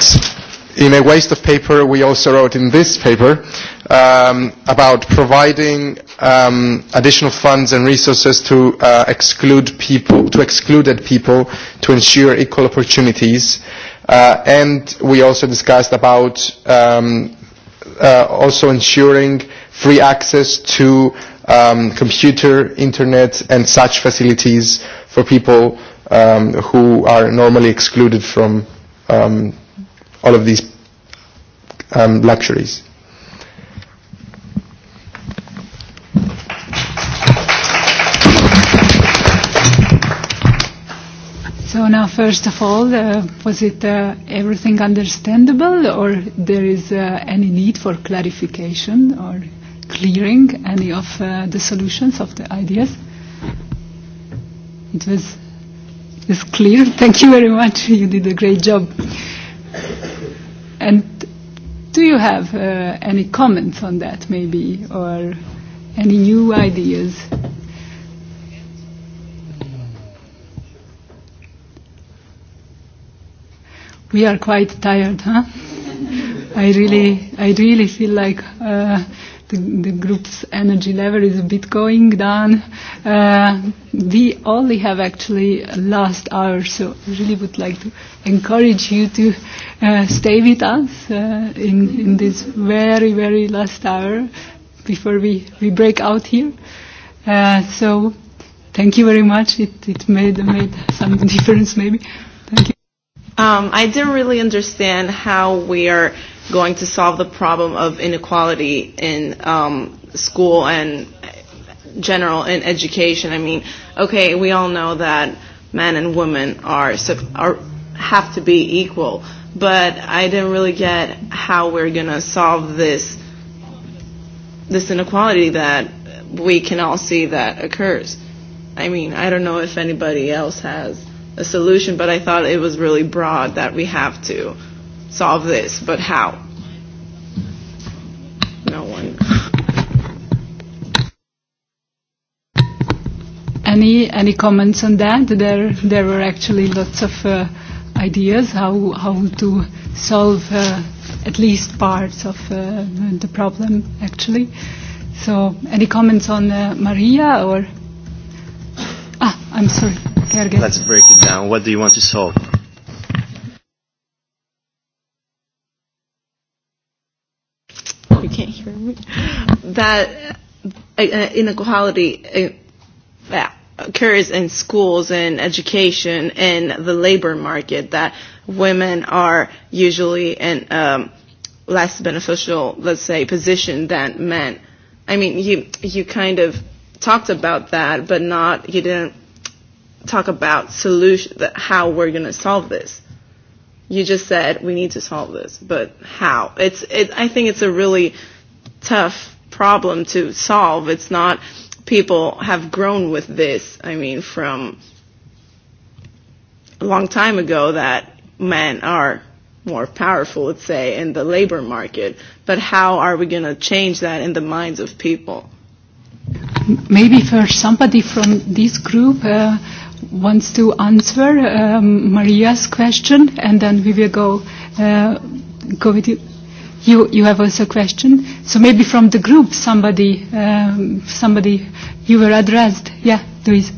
in a waste of paper, we also wrote in this paper about providing additional funds and resources to exclude people, to excluded people, to ensure equal opportunities. And we also discussed about also ensuring free access to computer, internet and such facilities for people who are normally excluded from all of these luxuries. now, first of all, was it everything understandable, or there is any need for clarification or clearing any of the solutions of the ideas? It was was clear. Thank you very much. You did a great job. And do you have any comments on that, maybe, or any new ideas? We are quite tired, huh? I really, I really feel like uh, the, the group's energy level is a bit going down. Uh, we only have actually last hour, so I really would like to encourage you to uh, stay with us uh, in, in this very, very last hour before we, we break out here. Uh, so thank you very much. It, it made, made some difference maybe. Um, I didn't really understand how we are going to solve the problem of inequality in um, school and general in education. I mean, okay, we all know that men and women are, are have to be equal, but I didn't really get how we're going to solve this this inequality that we can all see that occurs. I mean, I don't know if anybody else has a solution, but I thought it was really broad that we have to solve this, but how? No one. Any any comments on that? There there were actually lots of uh, ideas how how to solve uh, at least parts of uh, the problem actually. So any comments on uh, Maria or? I'm sorry. Let's break it down. What do you want to solve? You can't hear me. That inequality occurs in schools and education and the labor market that women are usually in um, less beneficial, let's say, position than men. I mean, you you kind of talked about that, but not you didn't talk about solution, how we're going to solve this. You just said we need to solve this, but how? It's, it, I think it's a really tough problem to solve. It's not people have grown with this. I mean, from a long time ago that men are more powerful, let's say, in the labor market. But how are we going to change that in the minds of people? Maybe for somebody from this group uh, wants to answer um, Maria's question, and then we will go uh, go with you. You you have also a question, so maybe from the group somebody um, somebody you were addressed. Yeah, Louise.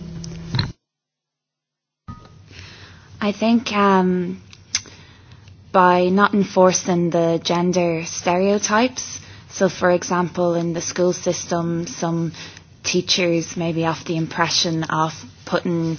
I think um, by not enforcing the gender stereotypes. So, for example, in the school system, some teachers may be off the impression of putting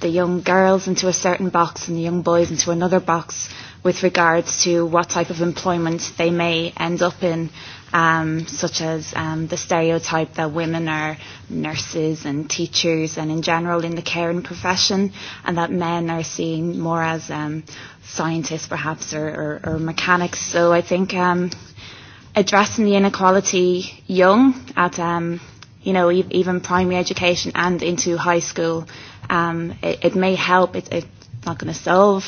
the young girls into a certain box and the young boys into another box with regards to what type of employment they may end up in, um, such as um, the stereotype that women are nurses and teachers and in general in the caring profession and that men are seen more as um, scientists perhaps or, or, or mechanics. So I think um, addressing the inequality young at um, you know, even primary education and into high school Um, it, it may help. It, it's not going to solve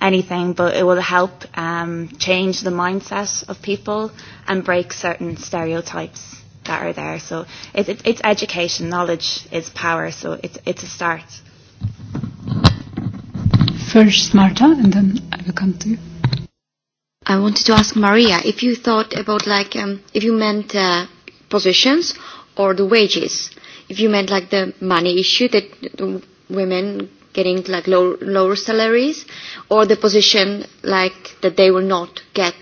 anything, but it will help um, change the mindset of people and break certain stereotypes that are there. So it, it, it's education. Knowledge is power. So it, it's a start. First, Marta, and then I will come to you. I wanted to ask Maria if you thought about like um, if you meant uh, positions or the wages if you meant like the money issue that women getting like lower salaries or the position like that they will not get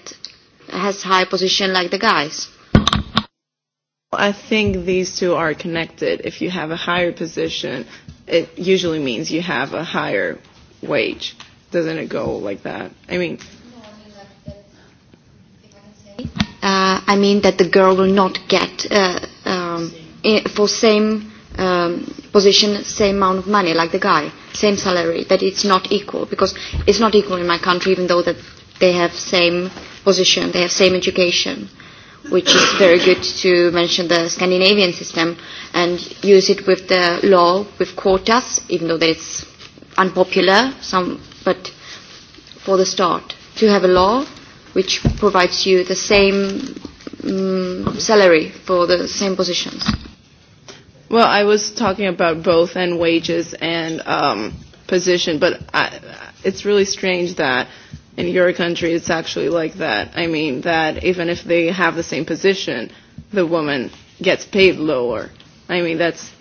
as high position like the guys i think these two are connected if you have a higher position it usually means you have a higher wage doesn't it go like that i mean uh i mean that the girl will not get um for same position, same amount of money, like the guy, same salary, that it's not equal, because it's not equal in my country, even though that they have same position, they have same education, which is very good to mention the Scandinavian system and use it with the law, with quotas, even though that it's unpopular, some, but for the start, to have a law which provides you the same salary for the same positions? Well, I was talking about both and wages and um, position, but I, it's really strange that in your country it's actually like that. I mean, that even if they have the same position, the woman gets paid lower. I mean, that's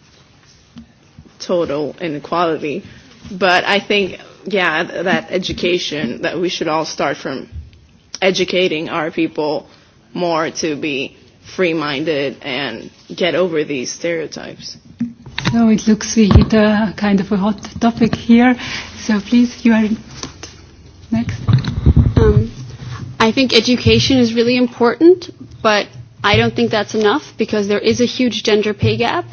total inequality. But I think, yeah, that education, that we should all start from educating our people more to be free-minded and get over these stereotypes. So it looks we hit a kind of a hot topic here. So please, you are next. Um, I think education is really important, but I don't think that's enough because there is a huge gender pay gap.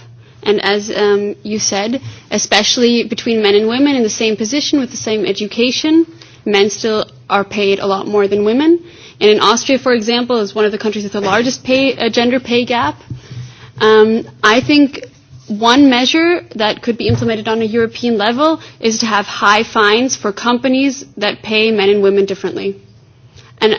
And as um, you said, especially between men and women in the same position with the same education, men still are paid a lot more than women And in Austria, for example, is one of the countries with the largest pay, gender pay gap. Um, I think one measure that could be implemented on a European level is to have high fines for companies that pay men and women differently. And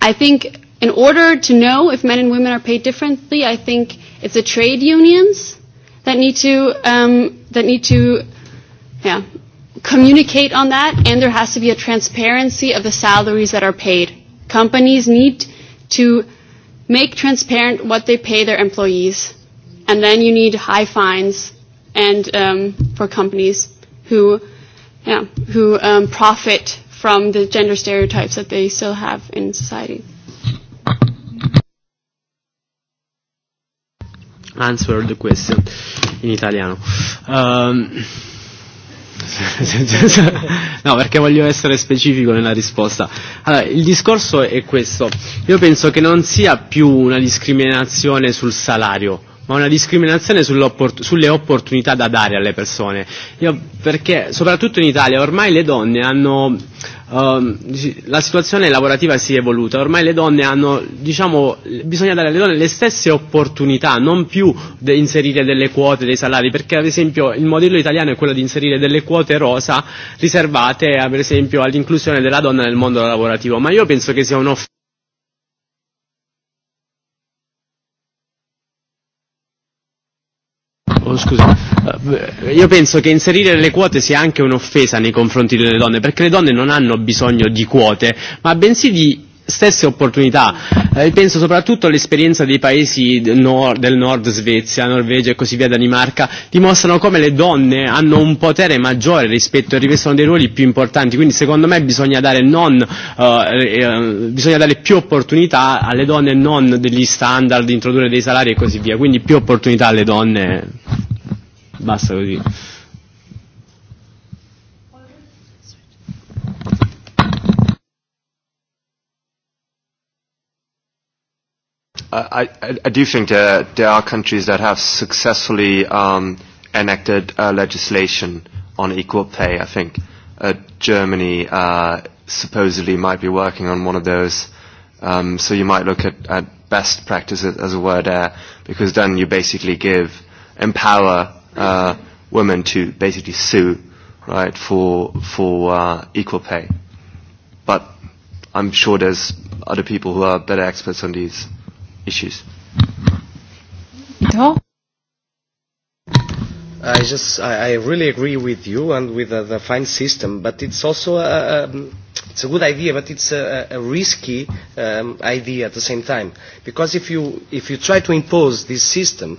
I think in order to know if men and women are paid differently, I think it's the trade unions that need to, um, that need to, yeah, communicate on that, and there has to be a transparency of the salaries that are paid companies need to make transparent what they pay their employees. And then you need high fines and um, for companies who, yeah, who um, profit from the gender stereotypes that they still have in society. Answer the question in Italiano. Um, no, perché voglio essere specifico nella risposta. Allora, il discorso è questo. Io penso che non sia più una discriminazione sul salario ma una discriminazione sulle opportunità da dare alle persone. Io, perché soprattutto in Italia ormai le donne hanno la situazione lavorativa si è evoluta, ormai le donne hanno, diciamo, bisogna dare alle donne le stesse opportunità, non più inserire delle quote dei salari, perché ad esempio il modello italiano è quello di inserire delle quote rosa riservate per esempio all'inclusione della donna nel mondo lavorativo, ma io penso che sia un'offerta scusa. Io penso che inserire le quote sia anche un'offesa nei confronti delle donne, perché le donne non hanno bisogno di quote, ma bensì di stesse opportunità. Penso soprattutto all'esperienza dei paesi del nord Svezia, Norvegia e così via, Danimarca, dimostrano come le donne hanno un potere maggiore rispetto e rivestono dei ruoli più importanti, quindi secondo me bisogna dare non bisogna dare più opportunità alle donne non degli standard, introdurre dei salari e così via, quindi più opportunità alle donne Basta I, I, I do think there, there are countries that have successfully um, enacted uh, legislation on equal pay. I think uh, Germany uh, supposedly might be working on one of those. Um, so you might look at, at best practices as a word there, because then you basically give, empower uh, women to basically sue, right, for for uh, equal pay. But I'm sure there's other people who are better experts on these issues. I just I, I really agree with you and with the, fine system, but it's also a, it's a good idea, but it's a, a risky idea at the same time because if you if you try to impose this system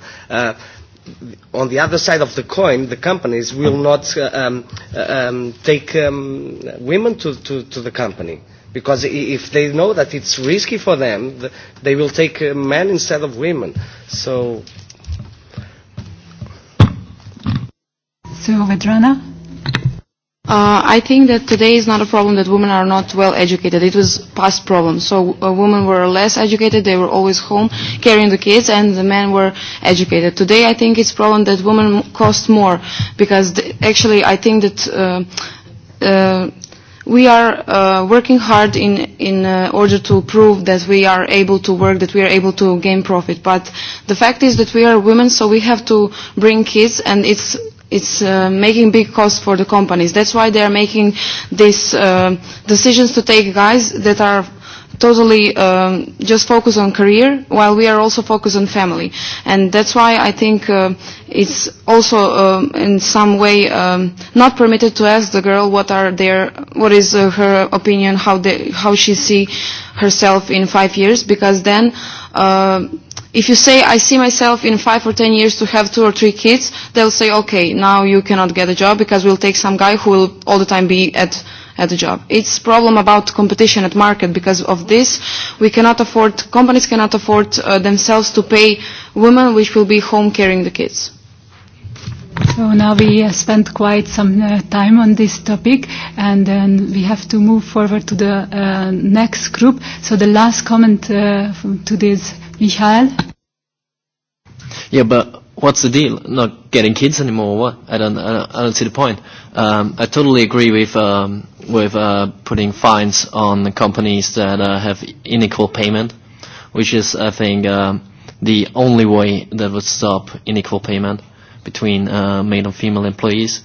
on the other side of the coin, the companies will not um, um, take um, women to, to, to the company. Because if they know that it's risky for them, they will take men instead of women. So. So, Vedrana? I think that today is not a problem that women are not well educated. It was past problem. So women were less educated. They were always home carrying the kids, and the men were educated. Today, I think it's a problem that women cost more, because actually, I think that we are working hard in in order to prove that we are able to work that we are able to gain profit but the fact is that we are women so we have to bring kids and it's It's making big costs for the companies. That's why they are making these decisions to take guys that are totally just focused on career while we are also focused on family. And that's why I think it's also in some way not permitted to ask the girl what are their what is her opinion, how how she see herself in five years because then If you say, I see myself in five or ten years to have two or three kids, they'll say, okay, now you cannot get a job because we'll take some guy who will all the time be at at the job. It's a problem about competition at market because of this we cannot afford, companies cannot afford themselves to pay women which will be home carrying the kids. So now we spent quite some time on this topic and then we have to move forward to the next group. So the last comment to this Michael? Yeah, but what's the deal? Not getting kids anymore or what? I don't, I don't, I don't see the point. Um, I totally agree with, um, with uh, putting fines on the companies that uh, have unequal payment, which is, I think, um, the only way that would stop unequal payment between uh, male and female employees.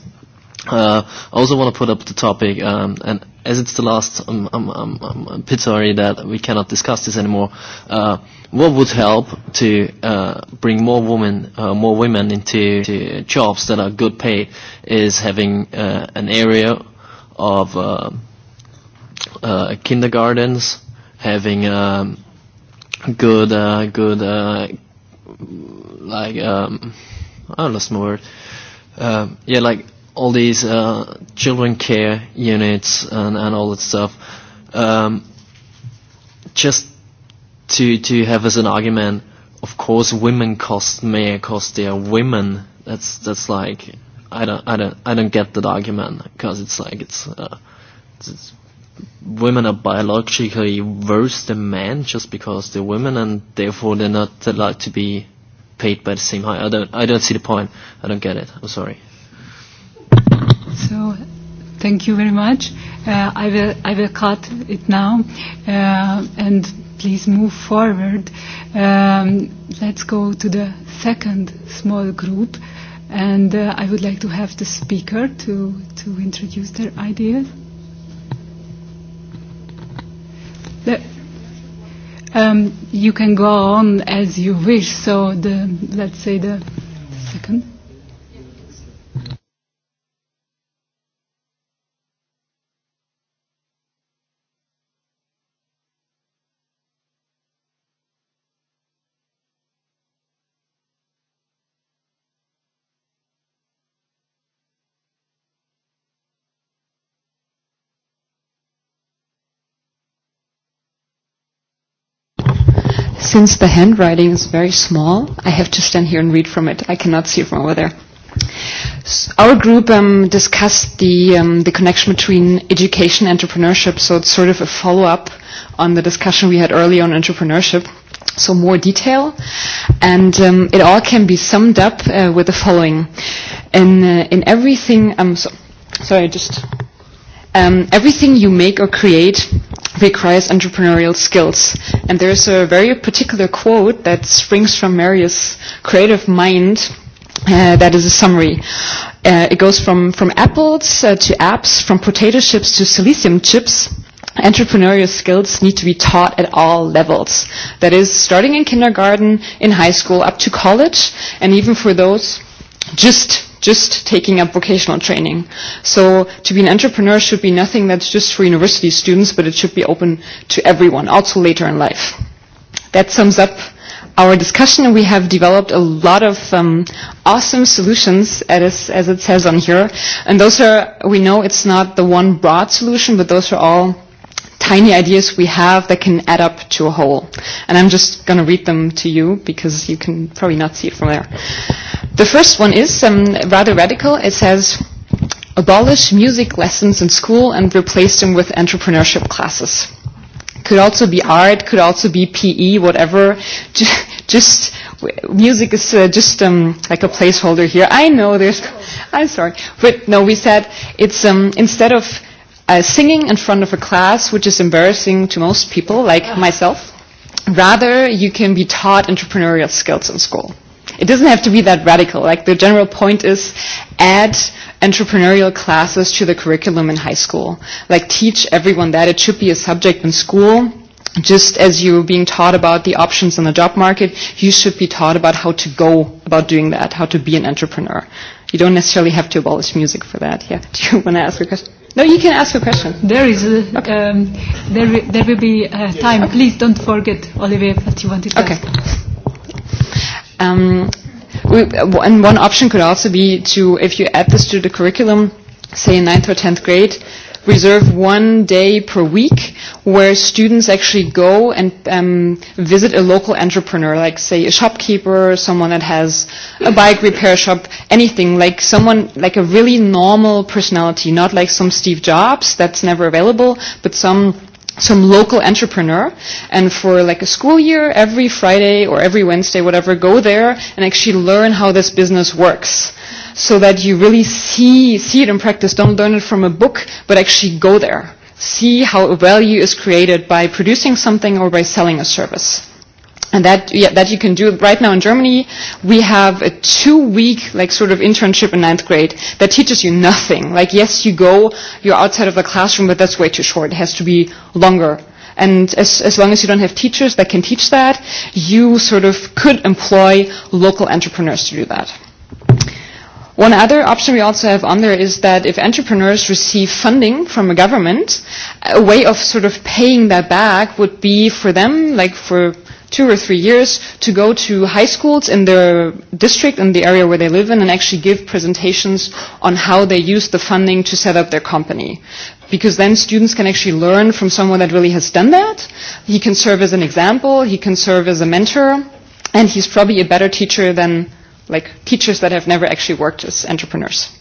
Uh, I also want to put up the topic, um, and as it's the last um, I'm a bit sorry that we cannot discuss this anymore, uh, what would help to uh, bring more women, uh, more women into to jobs that are good paid is having uh, an area of uh, uh, kindergartens, having um, good, uh, good, uh, like um, I lost my word. Um, yeah, like all these uh, children care units and, and all that stuff. Um, just to to have as an argument of course women cost more cost they are women that's that's like i don't i don't i don't get that argument because it's like it's, uh, it's women are biologically worse than men just because they're women and therefore they're not allowed to be paid by the same high i don't i don't see the point i don't get it i'm sorry so thank you very much i will i will cut it now and please move forward. Let's go to the second small group, and I would like to have the speaker to to introduce their ideas. You can go on as you wish. So the let's say the second. since the handwriting is very small, I have to stand here and read from it. I cannot see from over there. Our group discussed the the connection between education and entrepreneurship, so it's sort of a follow up on the discussion we had earlier on entrepreneurship, so more detail, and it all can be summed up with the following: in in everything, um, sorry, just um, everything you make or create requires entrepreneurial skills. And there's a very particular quote that springs from Marius' creative mind that is a summary. It goes from from apples to apps, from potato chips to silicium chips. Entrepreneurial skills need to be taught at all levels. That is, starting in kindergarten, in high school, up to college, and even for those just just taking up vocational training. So to be an entrepreneur should be nothing that's just for university students, but it should be open to everyone, also later in life. That sums up our discussion. We have developed a lot of awesome solutions, as it says on here. And those are, we know it's not the one broad solution, but those are all tiny ideas we have that can add up to a whole. And I'm just going to read them to you because you can probably not see it from there. The first one is um rather radical. It says, abolish music lessons in school and replace them with entrepreneurship classes. Could also be art, could also be PE, whatever. Just music is just um like a placeholder here. I know there's I'm sorry. But no, we said it's um instead of singing in front of a class, which is embarrassing to most people, like myself. Rather, you can be taught entrepreneurial skills in school. It doesn't have to be that radical. Like the general point is, add entrepreneurial classes to the curriculum in high school. Like teach everyone that it should be a subject in school. Just as you're being taught about the options in the job market, you should be taught about how to go about doing that, how to be an entrepreneur. You don't necessarily have to abolish music for that. Yeah. Do you want to ask a question? No, you can ask a question. There is, um, there, there will be a time. Please don't forget, Olivier, what you wanted to okay. ask. Um, and one option could also be to, if you add this to the curriculum, say in ninth or tenth grade, reserve one day per week where students actually go and visit a local entrepreneur, like say a shopkeeper, someone that has a bike repair shop, anything, like someone, like a really normal personality, not like some Steve Jobs that's never available, but some some local entrepreneur and for like a school year every friday or every wednesday whatever go there and actually learn how this business works so that you really see see it in practice. Don't learn it from a book, but actually go there. See how a value is created by producing something or by selling a service. And that yeah, that you can do right now in Germany. We have a two-week like sort of internship in ninth grade that teaches you nothing. Like yes, you go, you're outside of the classroom, but that's way too short. It has to be longer. And as as long as you don't have teachers that can teach that, you sort of could employ local entrepreneurs to do that. One other option we also have on there is that if entrepreneurs receive funding from a government, a way of sort of paying that back would be for them, like for two or three years, to go to high schools in their district, in the area where they live in, and actually give presentations on how they use the funding to set up their company. Because then students can actually learn from someone that really has done that. He can serve as an example, he can serve as a mentor, and he's probably a better teacher than like teachers that have never actually worked as entrepreneurs.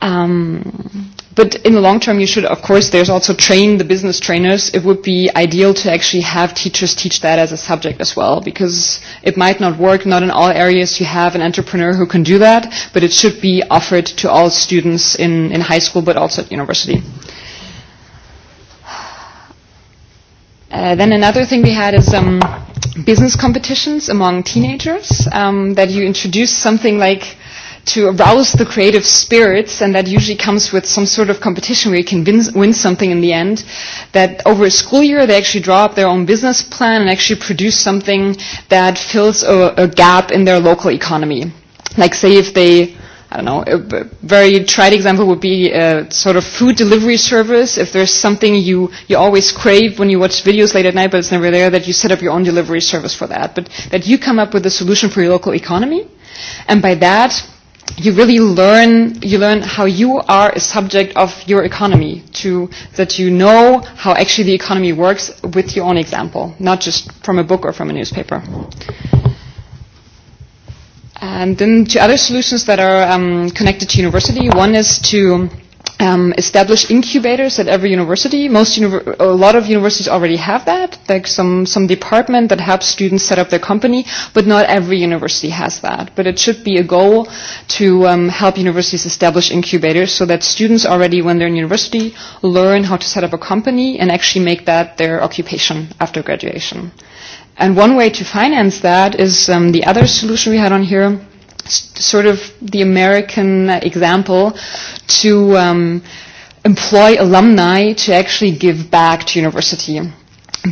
Um, but in the long term, you should, of course, there's also train the business trainers. It would be ideal to actually have teachers teach that as a subject as well, because it might not work. Not in all areas you have an entrepreneur who can do that, but it should be offered to all students in, in high school, but also at university. Uh, then another thing we had is um, business competitions among teenagers, um, that you introduce something like to arouse the creative spirits, and that usually comes with some sort of competition where you can win something in the end, that over a school year they actually draw up their own business plan and actually produce something that fills a gap in their local economy. Like say if they I don't know, a very tried example would be a sort of food delivery service. If there's something you, you always crave when you watch videos late at night but it's never there, that you set up your own delivery service for that. But that you come up with a solution for your local economy. And by that, you really learn, you learn how you are a subject of your economy to, that you know how actually the economy works with your own example, not just from a book or from a newspaper. And then two other solutions that are um, connected to university. One is to um, establish incubators at every university. Most a lot of universities already have that, like some, some department that helps students set up their company, but not every university has that. But it should be a goal to um, help universities establish incubators so that students already, when they're in university, learn how to set up a company and actually make that their occupation after graduation. And one way to finance that is the other solution we had on here, sort of the American example, to employ alumni to actually give back to university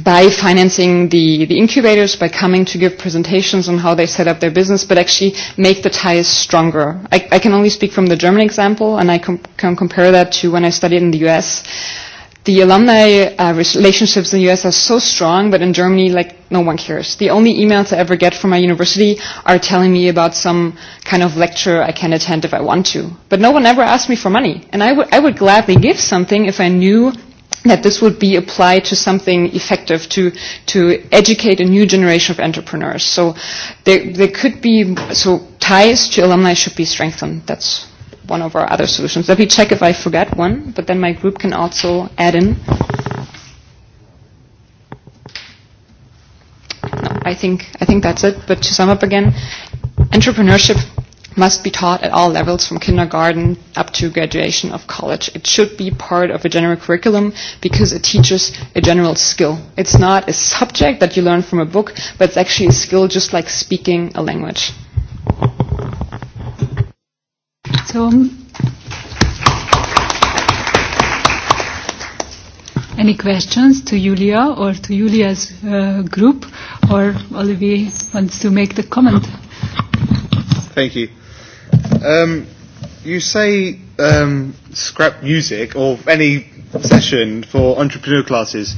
by financing the, the incubators, by coming to give presentations on how they set up their business, but actually make the ties stronger. I, I can only speak from the German example, and I can compare that to when I studied in the US the alumni relationships in the US are so strong, but in Germany, like, no one cares. The only emails I ever get from my university are telling me about some kind of lecture I can attend if I want to. But no one ever asked me for money. And I would, I would gladly give something if I knew that this would be applied to something effective to to educate a new generation of entrepreneurs. So there there could be so ties to alumni should be strengthened. That's one of our other solutions. Let me check if I forget one, but then my group can also add in. I think I think that's it. But to sum up again, entrepreneurship must be taught at all levels from kindergarten up to graduation of college. It should be part of a general curriculum because it teaches a general skill. It's not a subject that you learn from a book, but it's actually a skill just like speaking a language. Any questions to Julia or to Julia's group? Or Olivier wants to make the comment. Thank you. Um, you say um, scrap music or any session for entrepreneur classes,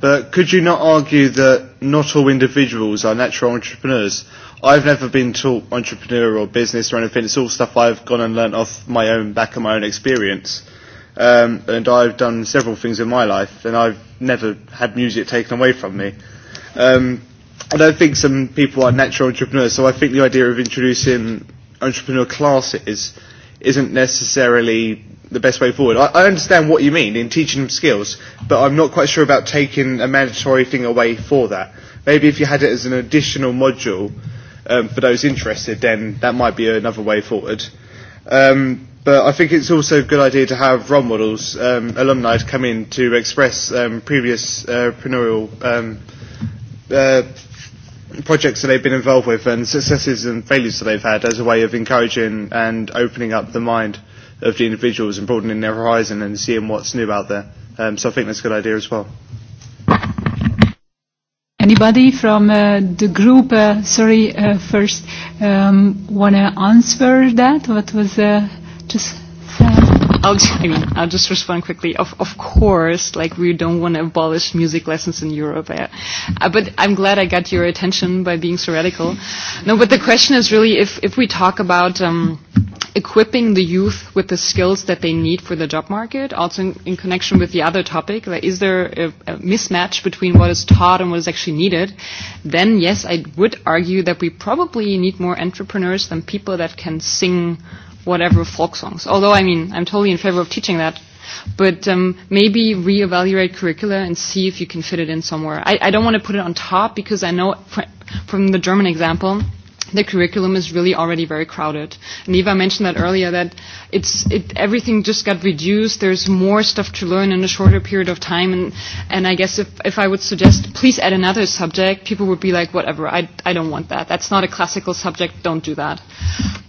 but could you not argue that not all individuals are natural entrepreneurs? I've never been taught entrepreneur or business or anything. It's all stuff I've gone and learnt off my own back of my own experience. Um, and I've done several things in my life, and I've never had music taken away from me. Um, I don't think some people are natural entrepreneurs, so I think the idea of introducing entrepreneur classes isn't necessarily the best way forward. I, I understand what you mean in teaching them skills, but I'm not quite sure about taking a mandatory thing away for that. Maybe if you had it as an additional module for those interested, then that might be another way forward. But I think it's also a good idea to have role models, alumni come in to express previous entrepreneurial projects that they've been involved with and successes and failures that they've had as a way of encouraging and opening up the mind of the individuals and broadening their horizon and seeing what's new out there. So I think that's a good idea as well. Anybody from the group, sorry, first, want to answer that? What was just said? I mean, I'll just respond quickly. Of, of course, like we don't want to abolish music lessons in Europe, but I'm glad I got your attention by being so radical. No, but the question is really if if we talk about um, equipping the youth with the skills that they need for the job market, also in, in connection with the other topic, like is there a, a mismatch between what is taught and what is actually needed? Then yes, I would argue that we probably need more entrepreneurs than people that can sing whatever folk songs. Although, I mean, I'm totally in favor of teaching that. But um, maybe reevaluate curricula and see if you can fit it in somewhere. I, I don't want to put it on top because I know from the German example, the curriculum is really already very crowded. And Eva mentioned that earlier that it's it everything just got reduced. There's more stuff to learn in a shorter period of time and and I guess if if I would suggest please add another subject, people would be like whatever. I I don't want that. That's not a classical subject. Don't do that.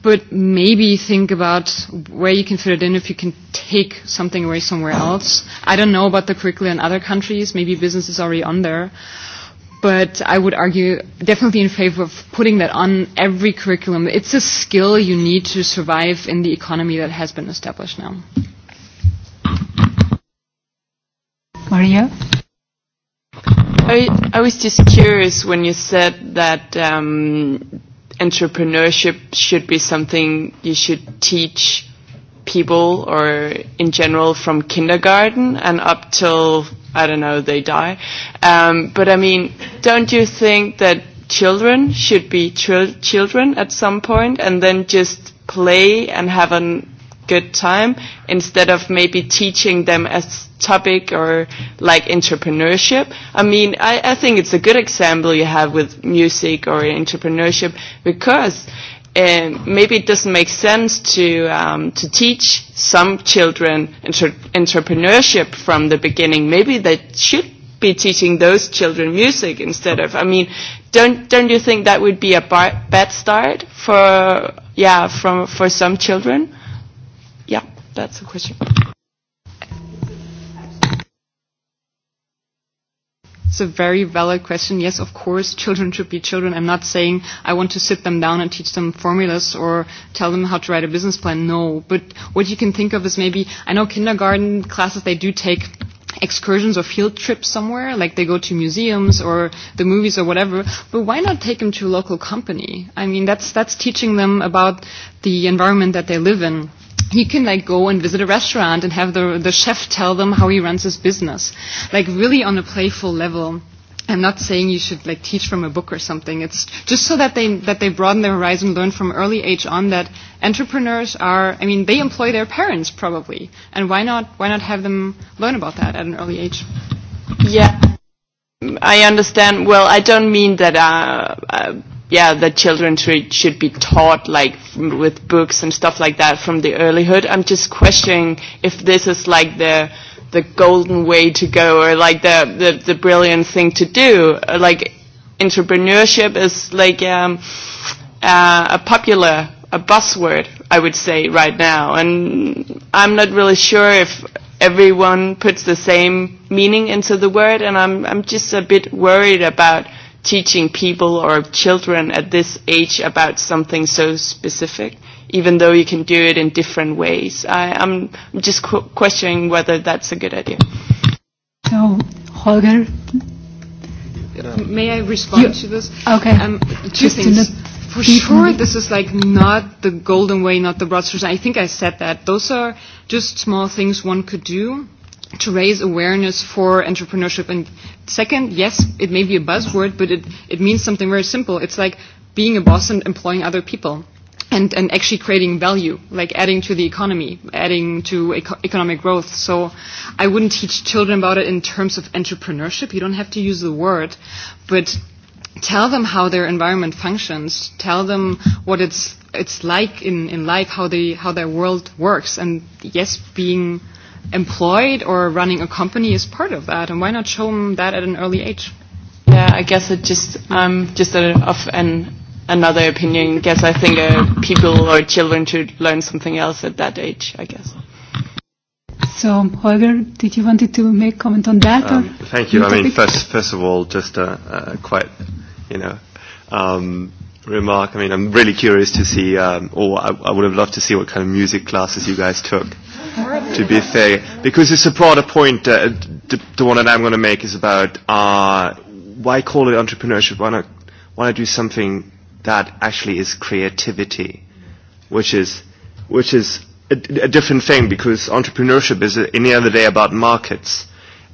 But maybe think about where you can fit it in if you can take something away somewhere else. I don't know about the curriculum in other countries. Maybe business is already on there but I would argue definitely in favor of putting that on every curriculum. It's a skill you need to survive in the economy that has been established now. Maria? I, I was just curious when you said that um, entrepreneurship should be something you should teach people or in general from kindergarten and up till I don't know they die. Um, but I mean, don't you think that children should be children at some point and then just play and have a good time instead of maybe teaching them as topic or like entrepreneurship. I mean, I, I think it's a good example you have with music or entrepreneurship because maybe it doesn't make sense to um to teach some children entrepreneurship from the beginning maybe they should be teaching those children music instead of i mean don't don't you think that would be a bad start for yeah from for some children yeah that's a question It's a very valid question. Yes, of course, children should be children. I'm not saying I want to sit them down and teach them formulas or tell them how to write a business plan. No. But what you can think of is maybe, I know kindergarten classes, they do take excursions or field trips somewhere, like they go to museums or the movies or whatever, but why not take them to a local company? I mean, that's, that's teaching them about the environment that they live in you can like go and visit a restaurant and have the the chef tell them how he runs his business like really on a playful level i'm not saying you should like teach from a book or something it's just so that they that they broaden their horizon learn from early age on that entrepreneurs are i mean they employ their parents probably and why not why not have them learn about that at an early age yeah i understand well i don't mean that uh yeah, that children should be taught like with books and stuff like that from the earlyhood. I'm just questioning if this is like the the golden way to go or like the the, the brilliant thing to do. Like entrepreneurship is like um, uh, a popular a buzzword, I would say, right now, and I'm not really sure if everyone puts the same meaning into the word, and I'm I'm just a bit worried about teaching people or children at this age about something so specific, even though you can do it in different ways. I, I'm just questioning whether that's a good idea. So, Holger? May I respond to this? Okay. Um, two things. For sure, this is like not the golden way, not the broad I think I said that. Those are just small things one could do to raise awareness for entrepreneurship. And second, yes, it may be a buzzword, but it, it means something very simple. It's like being a boss and employing other people. And, and actually creating value, like adding to the economy, adding to economic growth. So I wouldn't teach children about it in terms of entrepreneurship. You don't have to use the word, but tell them how their environment functions. Tell them what it's, it's like in, in life, how, they, how their world works. And yes, being employed or running a company is part of that, and why not show them that at an early age? Yeah, I guess it just um just of an another opinion. I guess I think people or children should learn something else at that age. I guess. So, Holger, did you wanted to make comment on that? thank you. I mean, first, first of all, just a, quite, you know, um, remark. I mean, I'm really curious to see, um, or I, I would have loved to see what kind of music classes you guys took to be fair, because it's a broader point. the, the one that I'm going to make is about uh, why call it entrepreneurship? Why not? Why not do something that actually is creativity, which is which is a, a different thing because entrepreneurship is in the other day about markets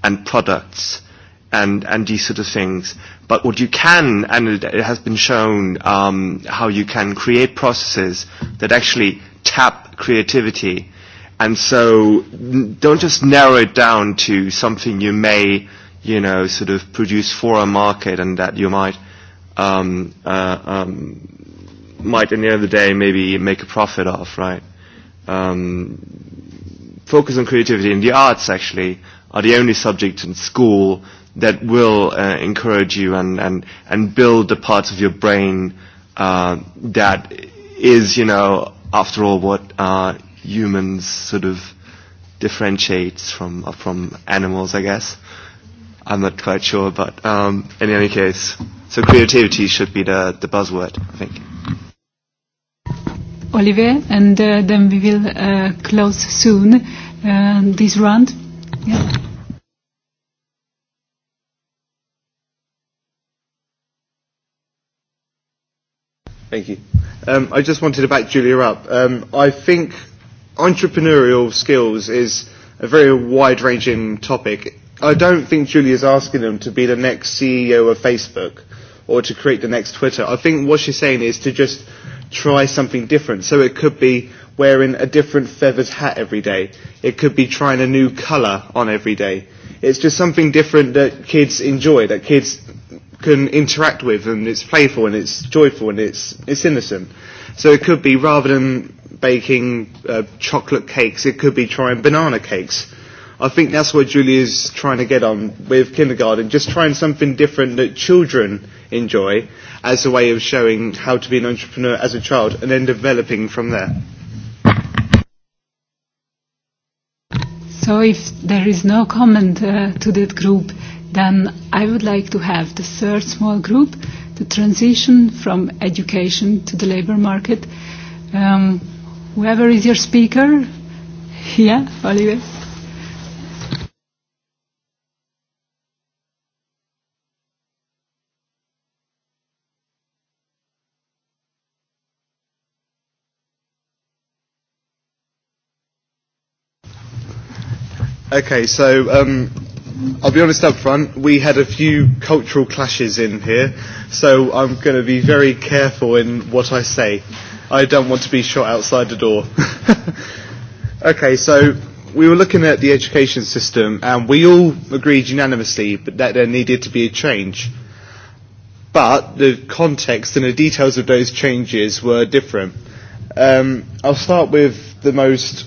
and products and and these sort of things. But what you can, and it, it has been shown, um, how you can create processes that actually tap creativity And so don't just narrow it down to something you may, you know, sort of produce for a market and that you might, um, uh, um, might in the end of the day maybe make a profit off, right? Um, focus on creativity and the arts actually are the only subject in school that will uh, encourage you and, and, and build the parts of your brain uh, that is, you know, after all, what uh, humans sort of differentiates from from animals, I guess. I'm not quite sure, but um, in any case, so creativity should be the, the buzzword, I think. Olivier, and uh, then we will uh, close soon uh, this round. Yeah. Thank you. Um, I just wanted to back Julia up. Um, I think entrepreneurial skills is a very wide-ranging topic. I don't think Julia's is asking them to be the next CEO of Facebook or to create the next Twitter. I think what she's saying is to just try something different. So it could be wearing a different feathered hat every day. It could be trying a new colour on every day. It's just something different that kids enjoy, that kids can interact with, and it's playful and it's joyful and it's it's innocent. So it could be rather than baking chocolate cakes. It could be trying banana cakes. I think that's what is trying to get on with kindergarten, just trying something different that children enjoy as a way of showing how to be an entrepreneur as a child and then developing from there. So if there is no comment to that group, then I would like to have the third small group, the transition from education to the labor market. Um, Whoever is your speaker? Yeah, Oliver. Okay, so um, I'll be honest up front, we had a few cultural clashes in here, so I'm going to be very careful in what I say. I don't want to be shot outside the door. okay, so we were looking at the education system and we all agreed unanimously that there needed to be a change. But the context and the details of those changes were different. Um, I'll start with the most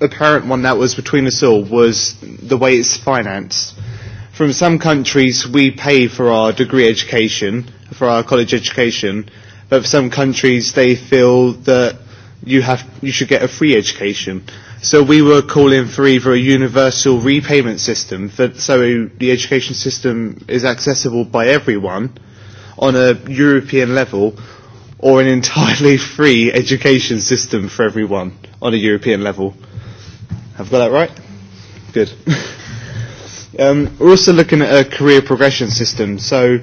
apparent one that was between us all was the way it's financed. From some countries, we pay for our degree education, for our college education, But some countries, they feel that you have you should get a free education. So we were calling for either a universal repayment system, for, so the education system is accessible by everyone on a European level, or an entirely free education system for everyone on a European level. Have I got that right? Good. um, we're also looking at a career progression system. So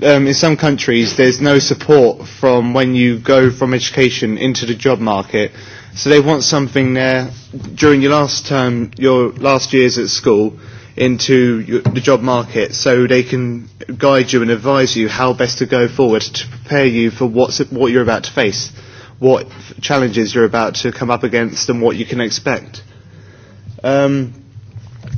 in some countries there's no support from when you go from education into the job market. So they want something there during your last term, your last years at school, into the job market so they can guide you and advise you how best to go forward to prepare you for what's, what you're about to face, what challenges you're about to come up against and what you can expect. Um,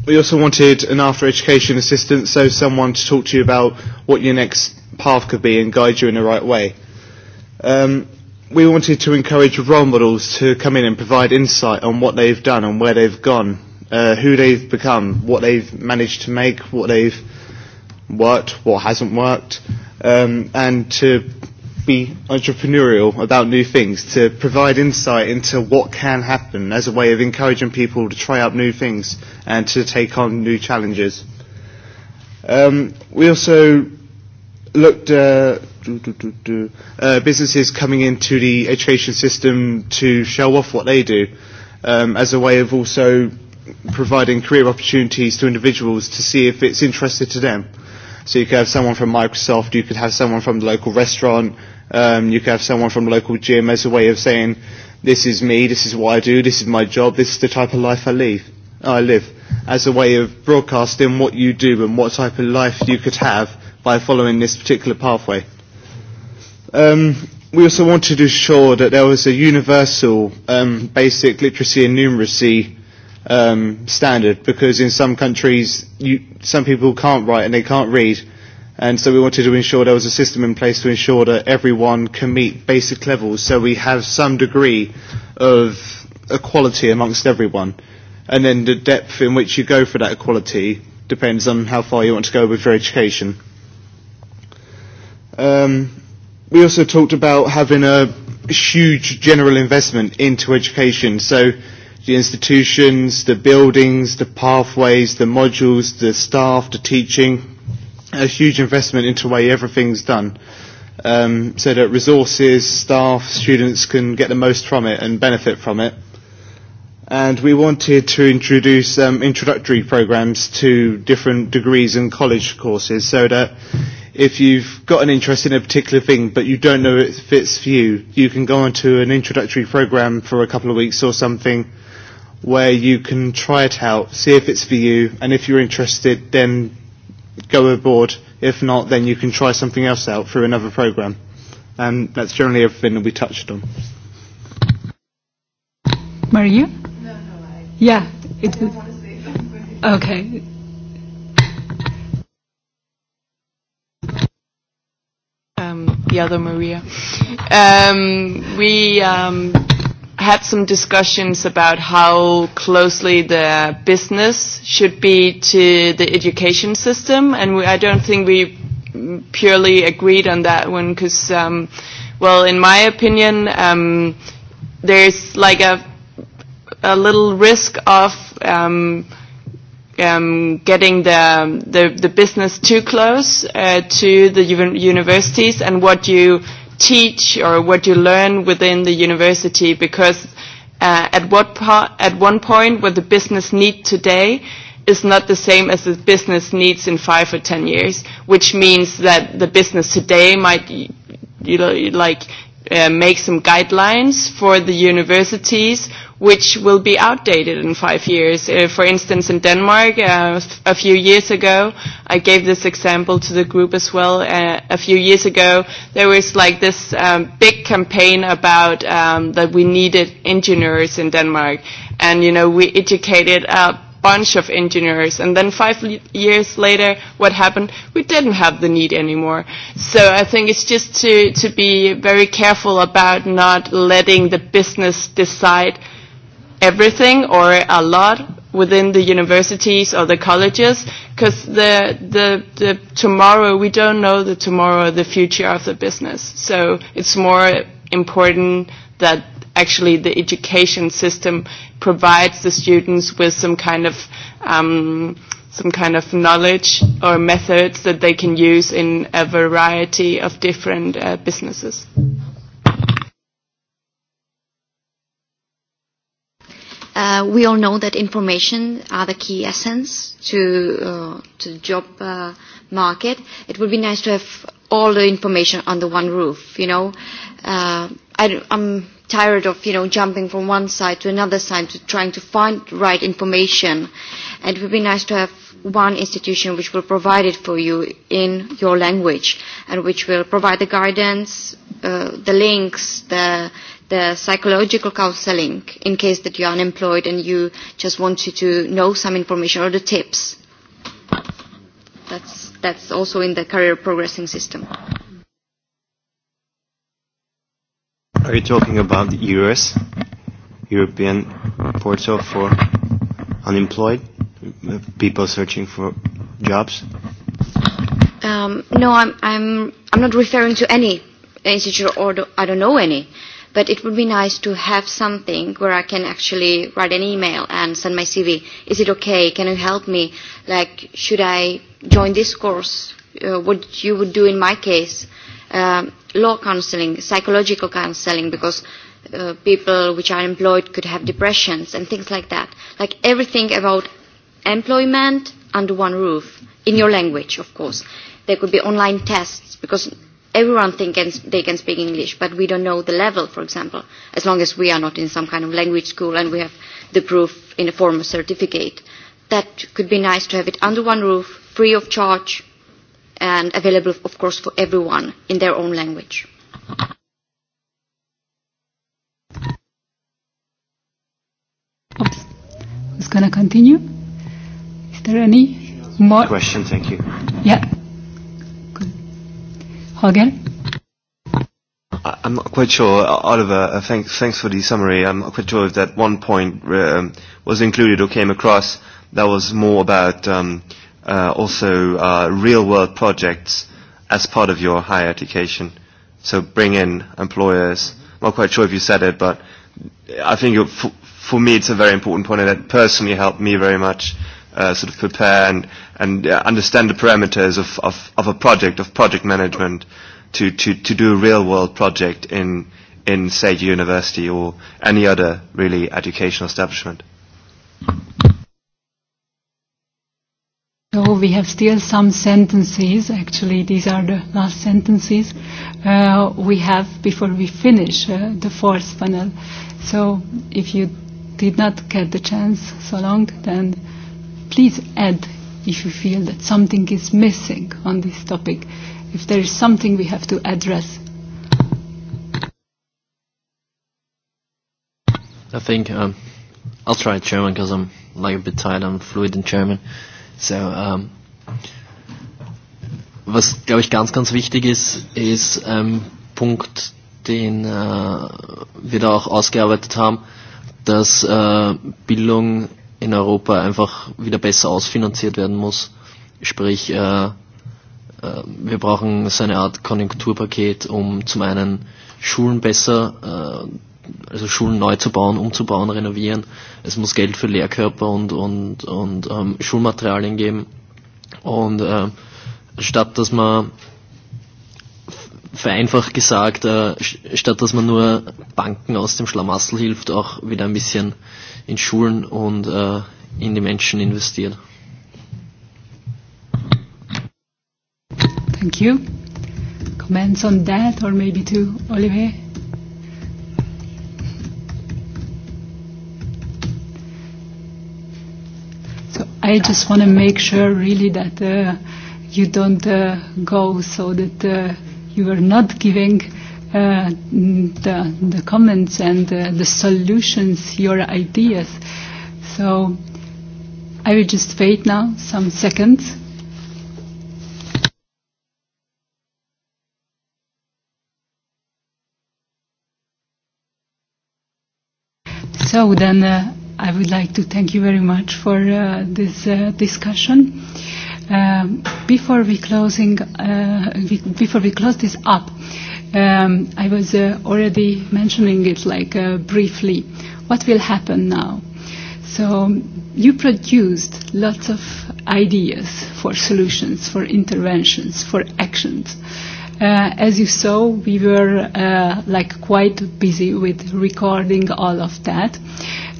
We also wanted an after education assistant, so someone to talk to you about what your next path could be and guide you in the right way. Um, we wanted to encourage role models to come in and provide insight on what they've done and where they've gone, who they've become, what they've managed to make, what they've worked, what hasn't worked, um, and to be entrepreneurial about new things, to provide insight into what can happen as a way of encouraging people to try out new things and to take on new challenges. Um, we also looked at businesses coming into the education system to show off what they do um, as a way of also providing career opportunities to individuals to see if it's interested to them. So you could have someone from Microsoft, you could have someone from the local restaurant, Um, you could have someone from the local gym as a way of saying, this is me, this is what I do, this is my job, this is the type of life I live. I live as a way of broadcasting what you do and what type of life you could have by following this particular pathway. Um, we also wanted to ensure that there was a universal um, basic literacy and numeracy um, standard because in some countries you, some people can't write and they can't read And so we wanted to ensure there was a system in place to ensure that everyone can meet basic levels so we have some degree of equality amongst everyone. And then the depth in which you go for that equality depends on how far you want to go with your education. Um, we also talked about having a huge general investment into education. So the institutions, the buildings, the pathways, the modules, the staff, the teaching, a huge investment into the way everything's done um, so that resources, staff, students can get the most from it and benefit from it. And we wanted to introduce um, introductory programs to different degrees and college courses so that if you've got an interest in a particular thing but you don't know if fits for you, you can go onto an introductory program for a couple of weeks or something where you can try it out, see if it's for you, and if you're interested, then go aboard. If not, then you can try something else out through another program. And that's generally everything that we touched on. Maria? No, no, Yeah. it's okay. Um, the other Maria. Um, we um, had some discussions about how closely the business should be to the education system, and I don't think we purely agreed on that one because, well, in my opinion, there's like a a little risk of um um getting the the the business too close to the universities and what you teach or what you learn within the university because at what at one point what the business need today is not the same as the business needs in five or ten years, which means that the business today might you know like make some guidelines for the universities which will be outdated in five years. For instance, in Denmark, a few years ago, I gave this example to the group as well. A few years ago, there was like this big campaign about that we needed engineers in Denmark, and you know we educated a bunch of engineers and then five years later what happened we didn't have the need anymore so i think it's just to to be very careful about not letting the business decide everything or a lot within the universities or the colleges because the, the, the tomorrow, we don't know the tomorrow, the future of the business. So it's more important that actually the education system provides the students with some kind of um, some kind of knowledge or methods that they can use in a variety of different businesses. We all know that information are the key essence to the job market. It would be nice to have all the information under one roof, you know. I'm tired of, you know, jumping from one side to another side to trying to find the right information. And it would be nice to have one institution which will provide it for you in your language and which will provide the guidance, the links, the the psychological counseling in case that you are unemployed and you just want to know some information or the tips. That's, that's also in the career progressing system. Are you talking about the US European Portal for Unemployed, people searching for jobs? Um, no, I'm, I'm, I'm not referring to any institute or I don't know any but it would be nice to have something where I can actually write an email and send my CV. Is it okay? Can you help me? Like, should I join this course? What you would do in my case? Law counseling, psychological counseling, because people which are employed could have depressions and things like that. Like everything about employment under one roof, in your language, of course. There could be online tests, because everyone thinks they can speak English, but we don't know the level, for example, as long as we are not in some kind of language school and we have the proof in a form of certificate. That could be nice to have it under one roof, free of charge, and available, of course, for everyone in their own language. Who's going to continue? Is there any more? Question, thank you. Yeah. Again? I'm not quite sure, Oliver. Thanks, thanks for the summary. I'm not quite sure if that one point was included or came across. That was more about um also uh real-world projects as part of your higher education. So bring in employers. I'm not quite sure if you said it, but I think for me it's a very important point and it personally helped me very much sort of prepare and and understand the parameters of of of a project of project management to to to do a real world project in in say university or any other really educational establishment. So we have still some sentences. Actually, these are the last sentences uh we have before we finish the fourth panel. So if you did not get the chance so long, then please add if you feel that something is missing on this topic, if there is something we have to address. I think um, I'll try German because I'm like a bit tired. I'm fluid in German. So, um, was glaube ich ganz, ganz wichtig ist, ist ähm, Punkt, den äh, wir da auch ausgearbeitet haben, dass äh, Bildung in Europa einfach wieder besser ausfinanziert werden muss. Sprich, wir brauchen so eine Art Konjunkturpaket, um zum einen Schulen besser, also Schulen neu zu bauen, umzubauen, renovieren. Es muss Geld für Lehrkörper und, und, und ähm, Schulmaterialien geben. Und äh, statt dass man vereinfacht gesagt, äh, statt dass man nur Banken aus dem Schlamassel hilft, auch wieder ein bisschen in Schulen und in die Menschen investiert. Thank you. Comments on that or maybe to Olivier? So I just want to make sure really that you don't go so that you are not giving the, the comments and the, the solutions, your ideas. So I will just wait now some seconds. So then I would like to thank you very much for this discussion. Before we closing, before we close this up, I was already mentioning it like briefly. What will happen now? So you produced lots of ideas for solutions, for interventions, for actions. As you saw, we were like quite busy with recording all of that.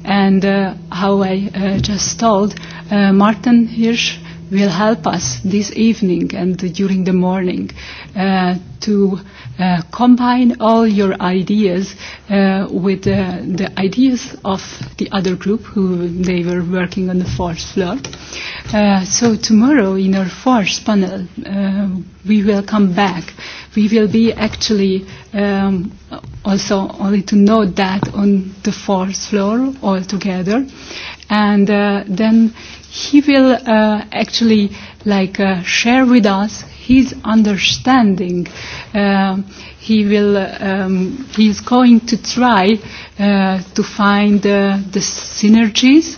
And how I just told, Martin Hirsch will help us this evening and during the morning uh to combine all your ideas with the ideas of the other group who they were working on the fourth floor. So tomorrow in our fourth panel we will come back. We will be actually also only to note that on the fourth floor all together and then he will actually like share with us his understanding. He will he is going to try to find the synergies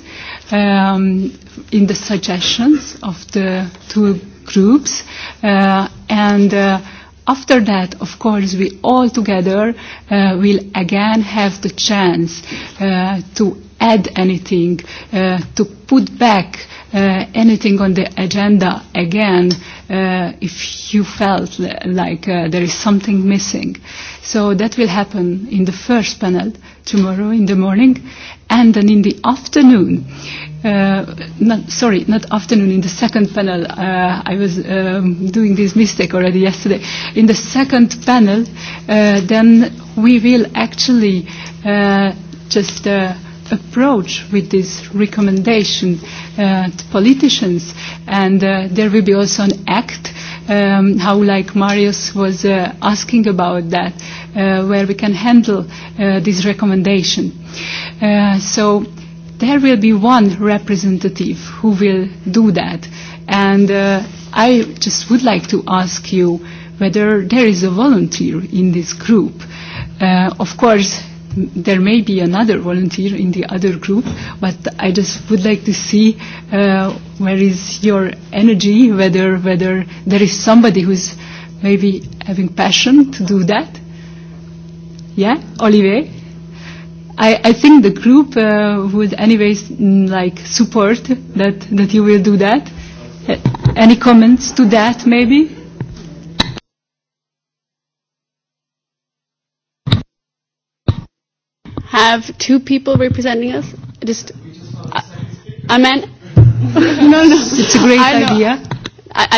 in the suggestions of the two groups and after that of course we all together will again have the chance to add anything, to put back anything on the agenda again if you felt like there is something missing. So that will happen in the first panel tomorrow in the morning and then in the afternoon. Sorry, not afternoon, in the second panel. I was doing this mistake already yesterday. In the second panel, then we will actually just approach with this recommendation to politicians and there will be also an act how like Marius was asking about that where we can handle this recommendation. So there will be one representative who will do that and I just would like to ask you whether there is a volunteer in this group. Of course there may be another volunteer in the other group, but I just would like to see where is your energy, whether whether there is somebody who's maybe having passion to do that. Yeah, Olivier? I, I think the group would anyways like support that, that you will do that. Any comments to that maybe? have two people representing us? Just, I meant, no, no, it's a great idea.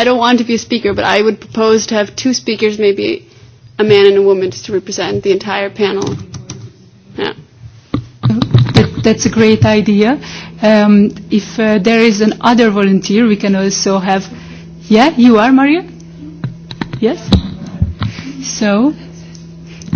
I, don't want to be a speaker, but I would propose to have two speakers, maybe a man and a woman, to represent the entire panel. Yeah. That's a great idea. Um, if there is an other volunteer, we can also have. Yeah, you are Maria. Yes. So.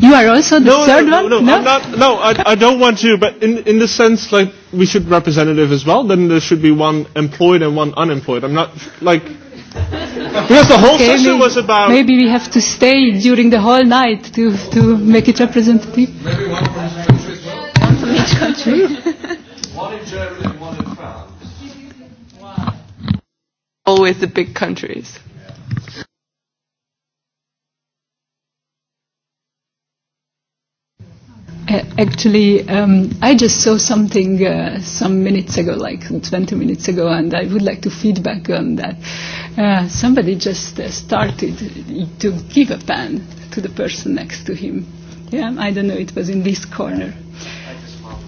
You are also the no, third no, one? No, no, I'm not, no I, I don't want to, but in, in the sense, like, we should representative as well, then there should be one employed and one unemployed. I'm not, like, because the whole okay, session was about... Maybe we have to stay during the whole night to, to make it representative. Maybe one from each country as well. One from each country. one in Germany one in France. Always the big countries. Actually, um I just saw something some minutes ago, like 20 minutes ago, and I would like to feedback on that. Somebody just started to give a pen to the person next to him. Yeah, I don't know, it was in this corner.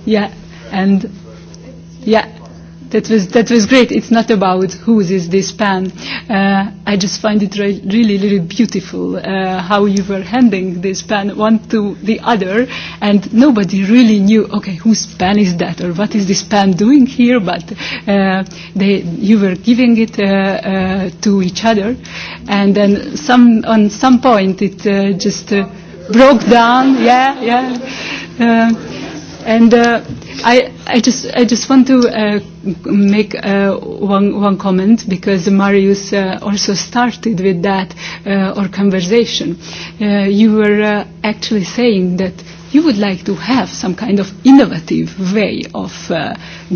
Yeah, and yeah, That was that was great. It's not about whose is this pan. I just find it really really beautiful how you were handing this pan one to the other, and nobody really knew. Okay, whose pen is that, or what is this pen doing here? But they you were giving it to each other, and then some on some point it just broke down. Yeah, yeah. And I I just I just want to make one one comment because Marius also started with that our conversation. You were actually saying that you would like to have some kind of innovative way of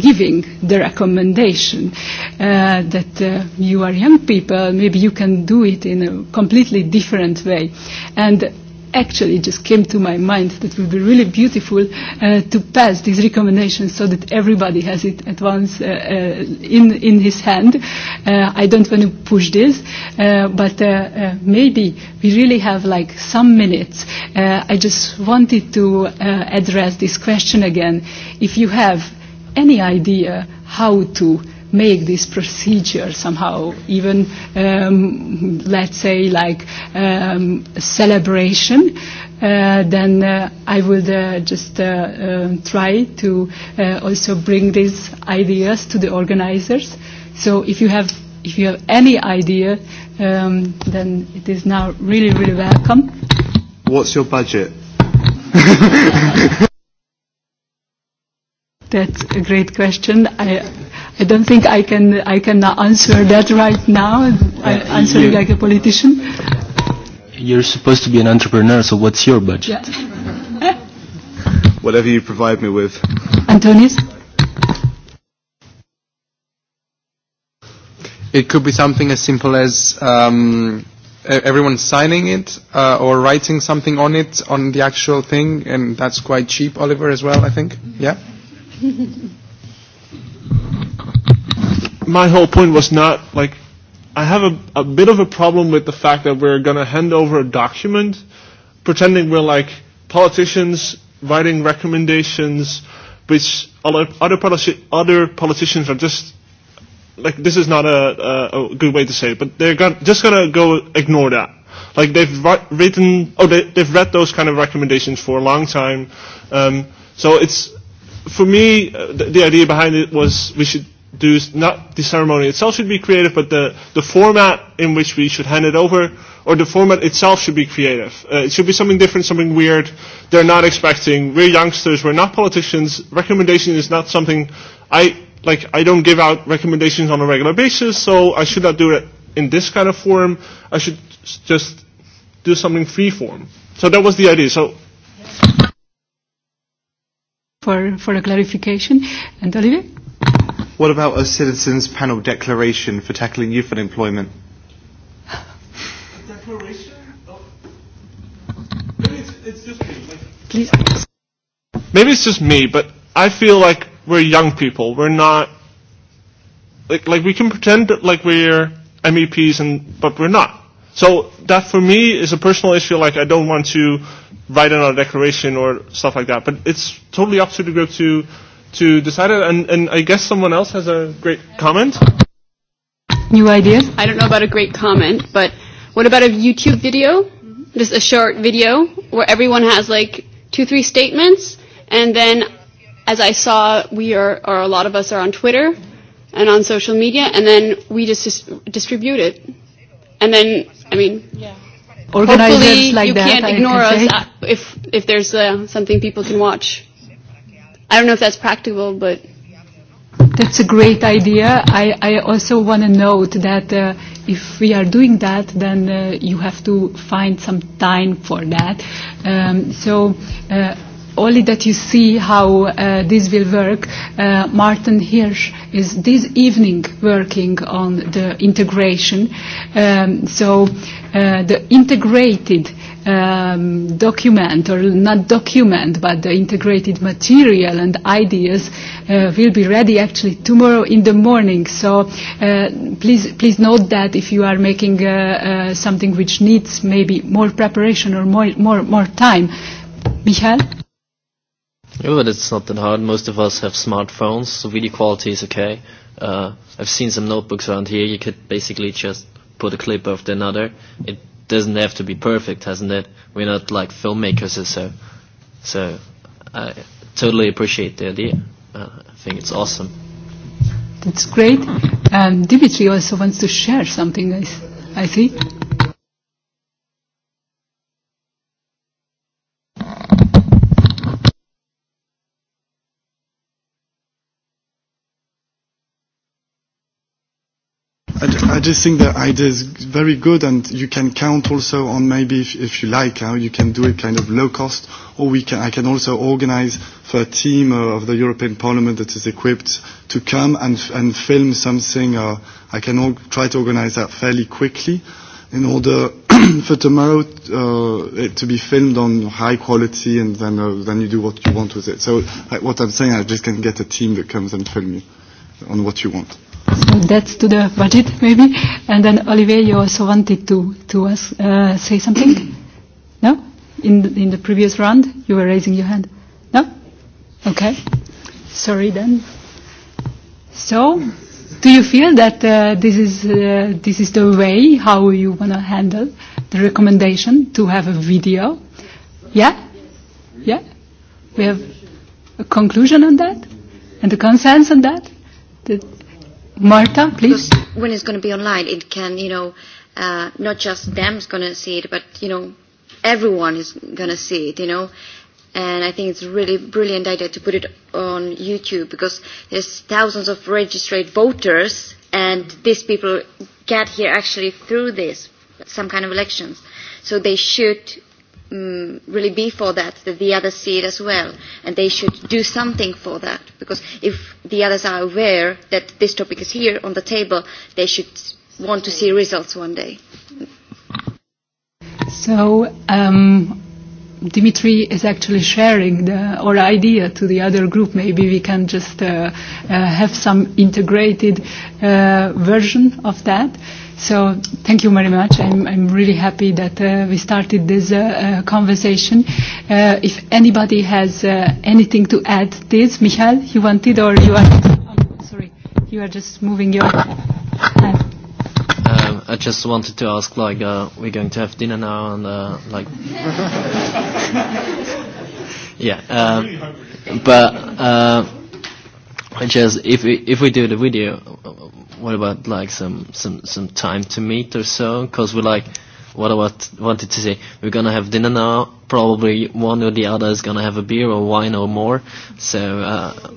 giving the recommendation that you are young people, maybe you can do it in a completely different way. And actually just came to my mind that it would be really beautiful to pass these recommendations so that everybody has it at once in in his hand. I don't want to push this, but maybe we really have like some minutes. I just wanted to address this question again. If you have any idea how to make this procedure somehow even let's say like celebration then I would just try to also bring these ideas to the organizers so if you have if you have any idea then it is now really really welcome what's your budget that's a great question I I don't think I can I can answer that right now. I'm answering like a politician. You're supposed to be an entrepreneur, so what's your budget? Whatever you provide me with. Antonis? It could be something as simple as um, everyone signing it uh, or writing something on it on the actual thing, and that's quite cheap, Oliver, as well, I think. Yeah? my whole point was not like I have a, a bit of a problem with the fact that we're going to hand over a document pretending we're like politicians writing recommendations which other, other, politi- other politicians are just like this is not a, a, good way to say it, but they're got, just going to go ignore that. Like they've written, oh, they, they've read those kind of recommendations for a long time. Um, so it's for me, the idea behind it was we should do not the ceremony itself should be creative, but the the format in which we should hand it over, or the format itself should be creative. It should be something different, something weird. They're not expecting. We're youngsters. We're not politicians. Recommendation is not something I like. I don't give out recommendations on a regular basis, so I should not do it in this kind of form. I should just do something free form. So that was the idea. So for, for a clarification. And Olivier? What about a citizens panel declaration for tackling youth unemployment? declaration? Maybe it's, just me. Please. Maybe it's just me, but I feel like we're young people. We're not like like we can pretend that like we're MEPs and but we're not. So that for me is a personal issue. Like I don't want to write another declaration or stuff like that. But it's totally up to the group to to decide it. And, and I guess someone else has a great comment. New ideas? I don't know about a great comment, but what about a YouTube video? Just a short video where everyone has like two, three statements, and then, as I saw, we are, or a lot of us are on Twitter and on social media, and then we just distribute it And then, I mean, yeah. hopefully like you can't ignore us if, if there's uh, something people can watch. I don't know if that's practical, but. That's a great idea. I, I also want to note that uh, if we are doing that, then uh, you have to find some time for that. Um, so uh, only that you see how this will work. Martin Hirsch is this evening working on the integration. So the integrated document or not document but the integrated material and ideas will be ready actually tomorrow in the morning so please please note that if you are making something which needs maybe more preparation or more more more time Michael Yeah, but it's not that hard. Most of us have smartphones, so video quality is okay. Uh, I've seen some notebooks around here. You could basically just put a clip after another. It doesn't have to be perfect, hasn't it? We're not like filmmakers or so. So I totally appreciate the idea. Uh, I think it's awesome. That's great. Um, Dimitri also wants to share something, I, I think. I just think the idea is very good, and you can count also on maybe if you like how you can do it kind of low cost, or we can I can also organize for a team of the European Parliament that is equipped to come and and film something. I can try to organize that fairly quickly, in order for tomorrow it to be filmed on high quality, and then then you do what you want with it. So what I'm saying, I just can get a team that comes and film you on what you want. So that's to the budget, maybe. And then, Olivier, you also wanted to to ask, uh, say something? No? In the, in the previous round, you were raising your hand. No? Okay. Sorry then. So, do you feel that uh, this is uh, this is the way how you want to handle the recommendation to have a video? Yeah? Yeah? We have a conclusion on that? And a consensus on that? That Marta, please. When it's going to be online, it can, you know, uh, not just them is going to see it, but, you know, everyone is going to see it, you know. And I think it's really brilliant idea to put it on YouTube because there's thousands of registered voters and these people get here actually through this, some kind of elections. So they should really be for that, that the others see it as well, and they should do something for that. Because if the others are aware that this topic is here on the table, they should want to see results one day. So um, Dimitri is actually sharing the, our idea to the other group. Maybe we can just uh, have some integrated uh, version of that. So thank you very much. I'm, I'm really happy that uh, we started this uh, conversation. Uh, if anybody has uh, anything to add this, Michal, you wanted or you are, sorry, you are just moving your I just wanted to ask, like, uh, we're going to have dinner now, and uh, like, yeah, um, but which is if we, if we do the video, what about like some some some time to meet or so? Because we like what I wanted to say. We're gonna have dinner now. Probably one or the other is gonna have a beer or wine or more. So uh,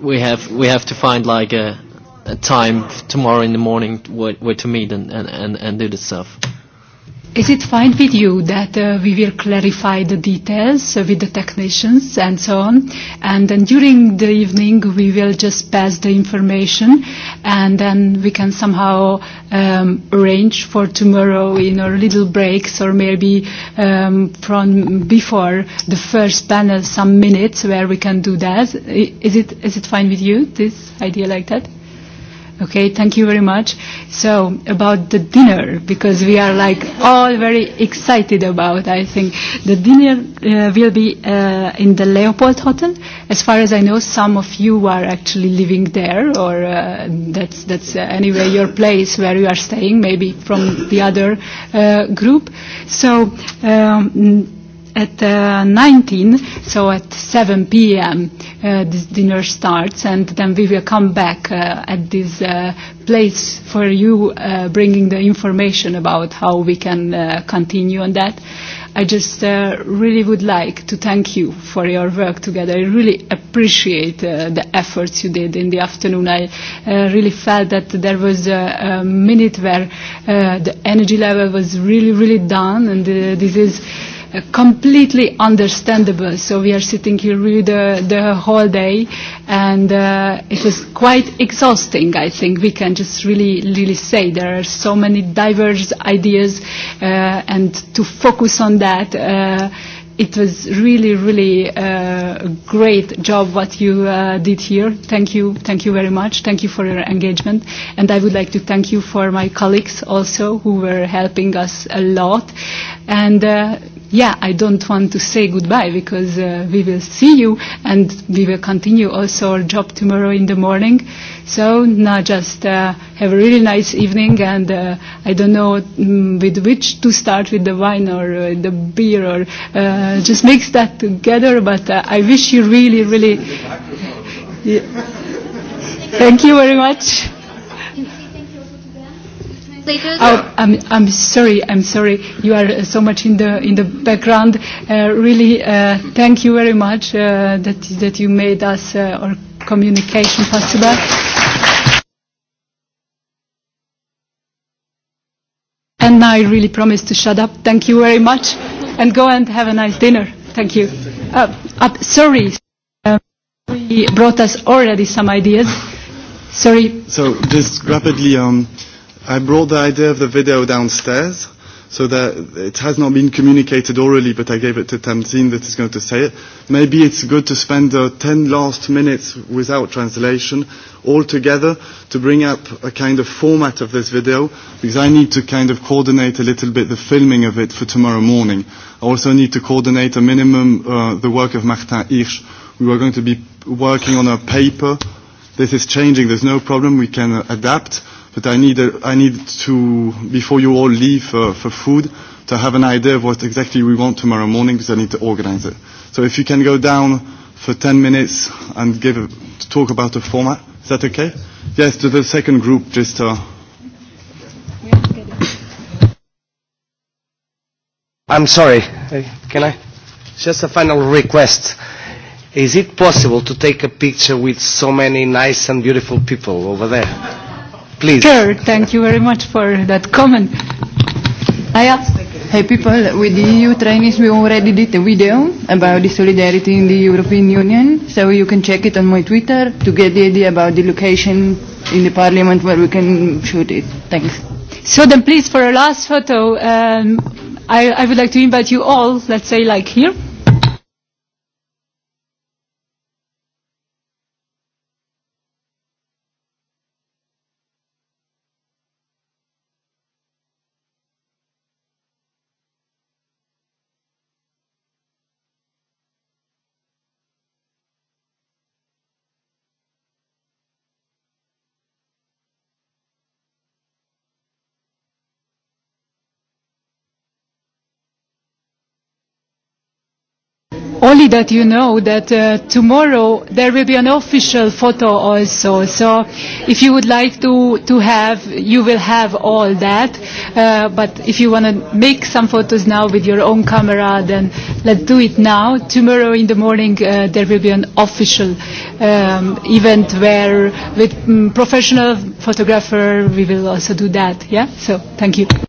we have we have to find like a, a time tomorrow in the morning where, where to meet and, and, and, and do the stuff. Is it fine with you that we will clarify the details with the technicians and so on? And then during the evening we will just pass the information and then we can somehow arrange for tomorrow in our little breaks or maybe from before the first panel some minutes where we can do that. Is it is it fine with you, this idea like that? Okay, thank you very much. So about the dinner, because we are like all very excited about. I think the dinner will be in the Leopold Hotel. As far as I know, some of you are actually living there, or that's that's anyway your place where you are staying, maybe from the other group. So at 19, so at 7 p.m. this dinner starts, and then we will come back at this place for you bringing the information about how we can continue on that. I just really would like to thank you for your work together. I really appreciate the efforts you did in the afternoon. I really felt that there was a minute where the energy level was really, really down, and this is completely understandable. So we are sitting here really the, the whole day and it was quite exhausting, I think. We can just really, really say there are so many diverse ideas and to focus on that it was really, really a great job what you did here. Thank you. Thank you very much. Thank you for your engagement. And I would like to thank you for my colleagues also who were helping us a lot. And yeah, I don't want to say goodbye because we will see you and we will continue also our job tomorrow in the morning. So now just have a really nice evening and I don't know with which to start with the wine or the beer or just mix that together but I wish you really, really... Thank you very much. Oh, I'm, I'm sorry. I'm sorry. You are so much in the in the background. Uh, really, uh, thank you very much uh, that that you made us uh, our communication possible. And I really promise to shut up. Thank you very much, and go and have a nice dinner. Thank you. Uh, uh, sorry, um, brought us already some ideas. Sorry. So just rapidly. Um, I brought the idea of the video downstairs so that it has not been communicated orally, but I gave it to Tamzin, that is going to say it. Maybe it's good to spend the 10 last minutes without translation all together to bring up a kind of format of this video, because I need to kind of coordinate a little bit the filming of it for tomorrow morning. I also need to coordinate a minimum the work of Martin Hirsch. We are going to be working on a paper. This is changing. There's no problem. We can adapt But I need, I need to, before you all leave for, for food, to have an idea of what exactly we want tomorrow morning because I need to organize it. So if you can go down for 10 minutes and give a, talk about the format, is that okay? Yes, to the second group, just uh, I'm sorry, can I? Just a final request. Is it possible to take a picture with so many nice and beautiful people over there? Please. Sure, thank you very much for that comment. I Hey people, with the EU trainees we already did a video about the solidarity in the European Union, so you can check it on my Twitter to get the idea about the location in the parliament where we can shoot it. Thanks. So then please for a last photo, um, I, I would like to invite you all, let's say like here. that you know that tomorrow there will be an official photo also. So if you would like to to have, you will have all that. But if you want to make some photos now with your own camera, then let's do it now. Tomorrow in the morning there will be an official event where with professional photographer we will also do that. Yeah. So thank you.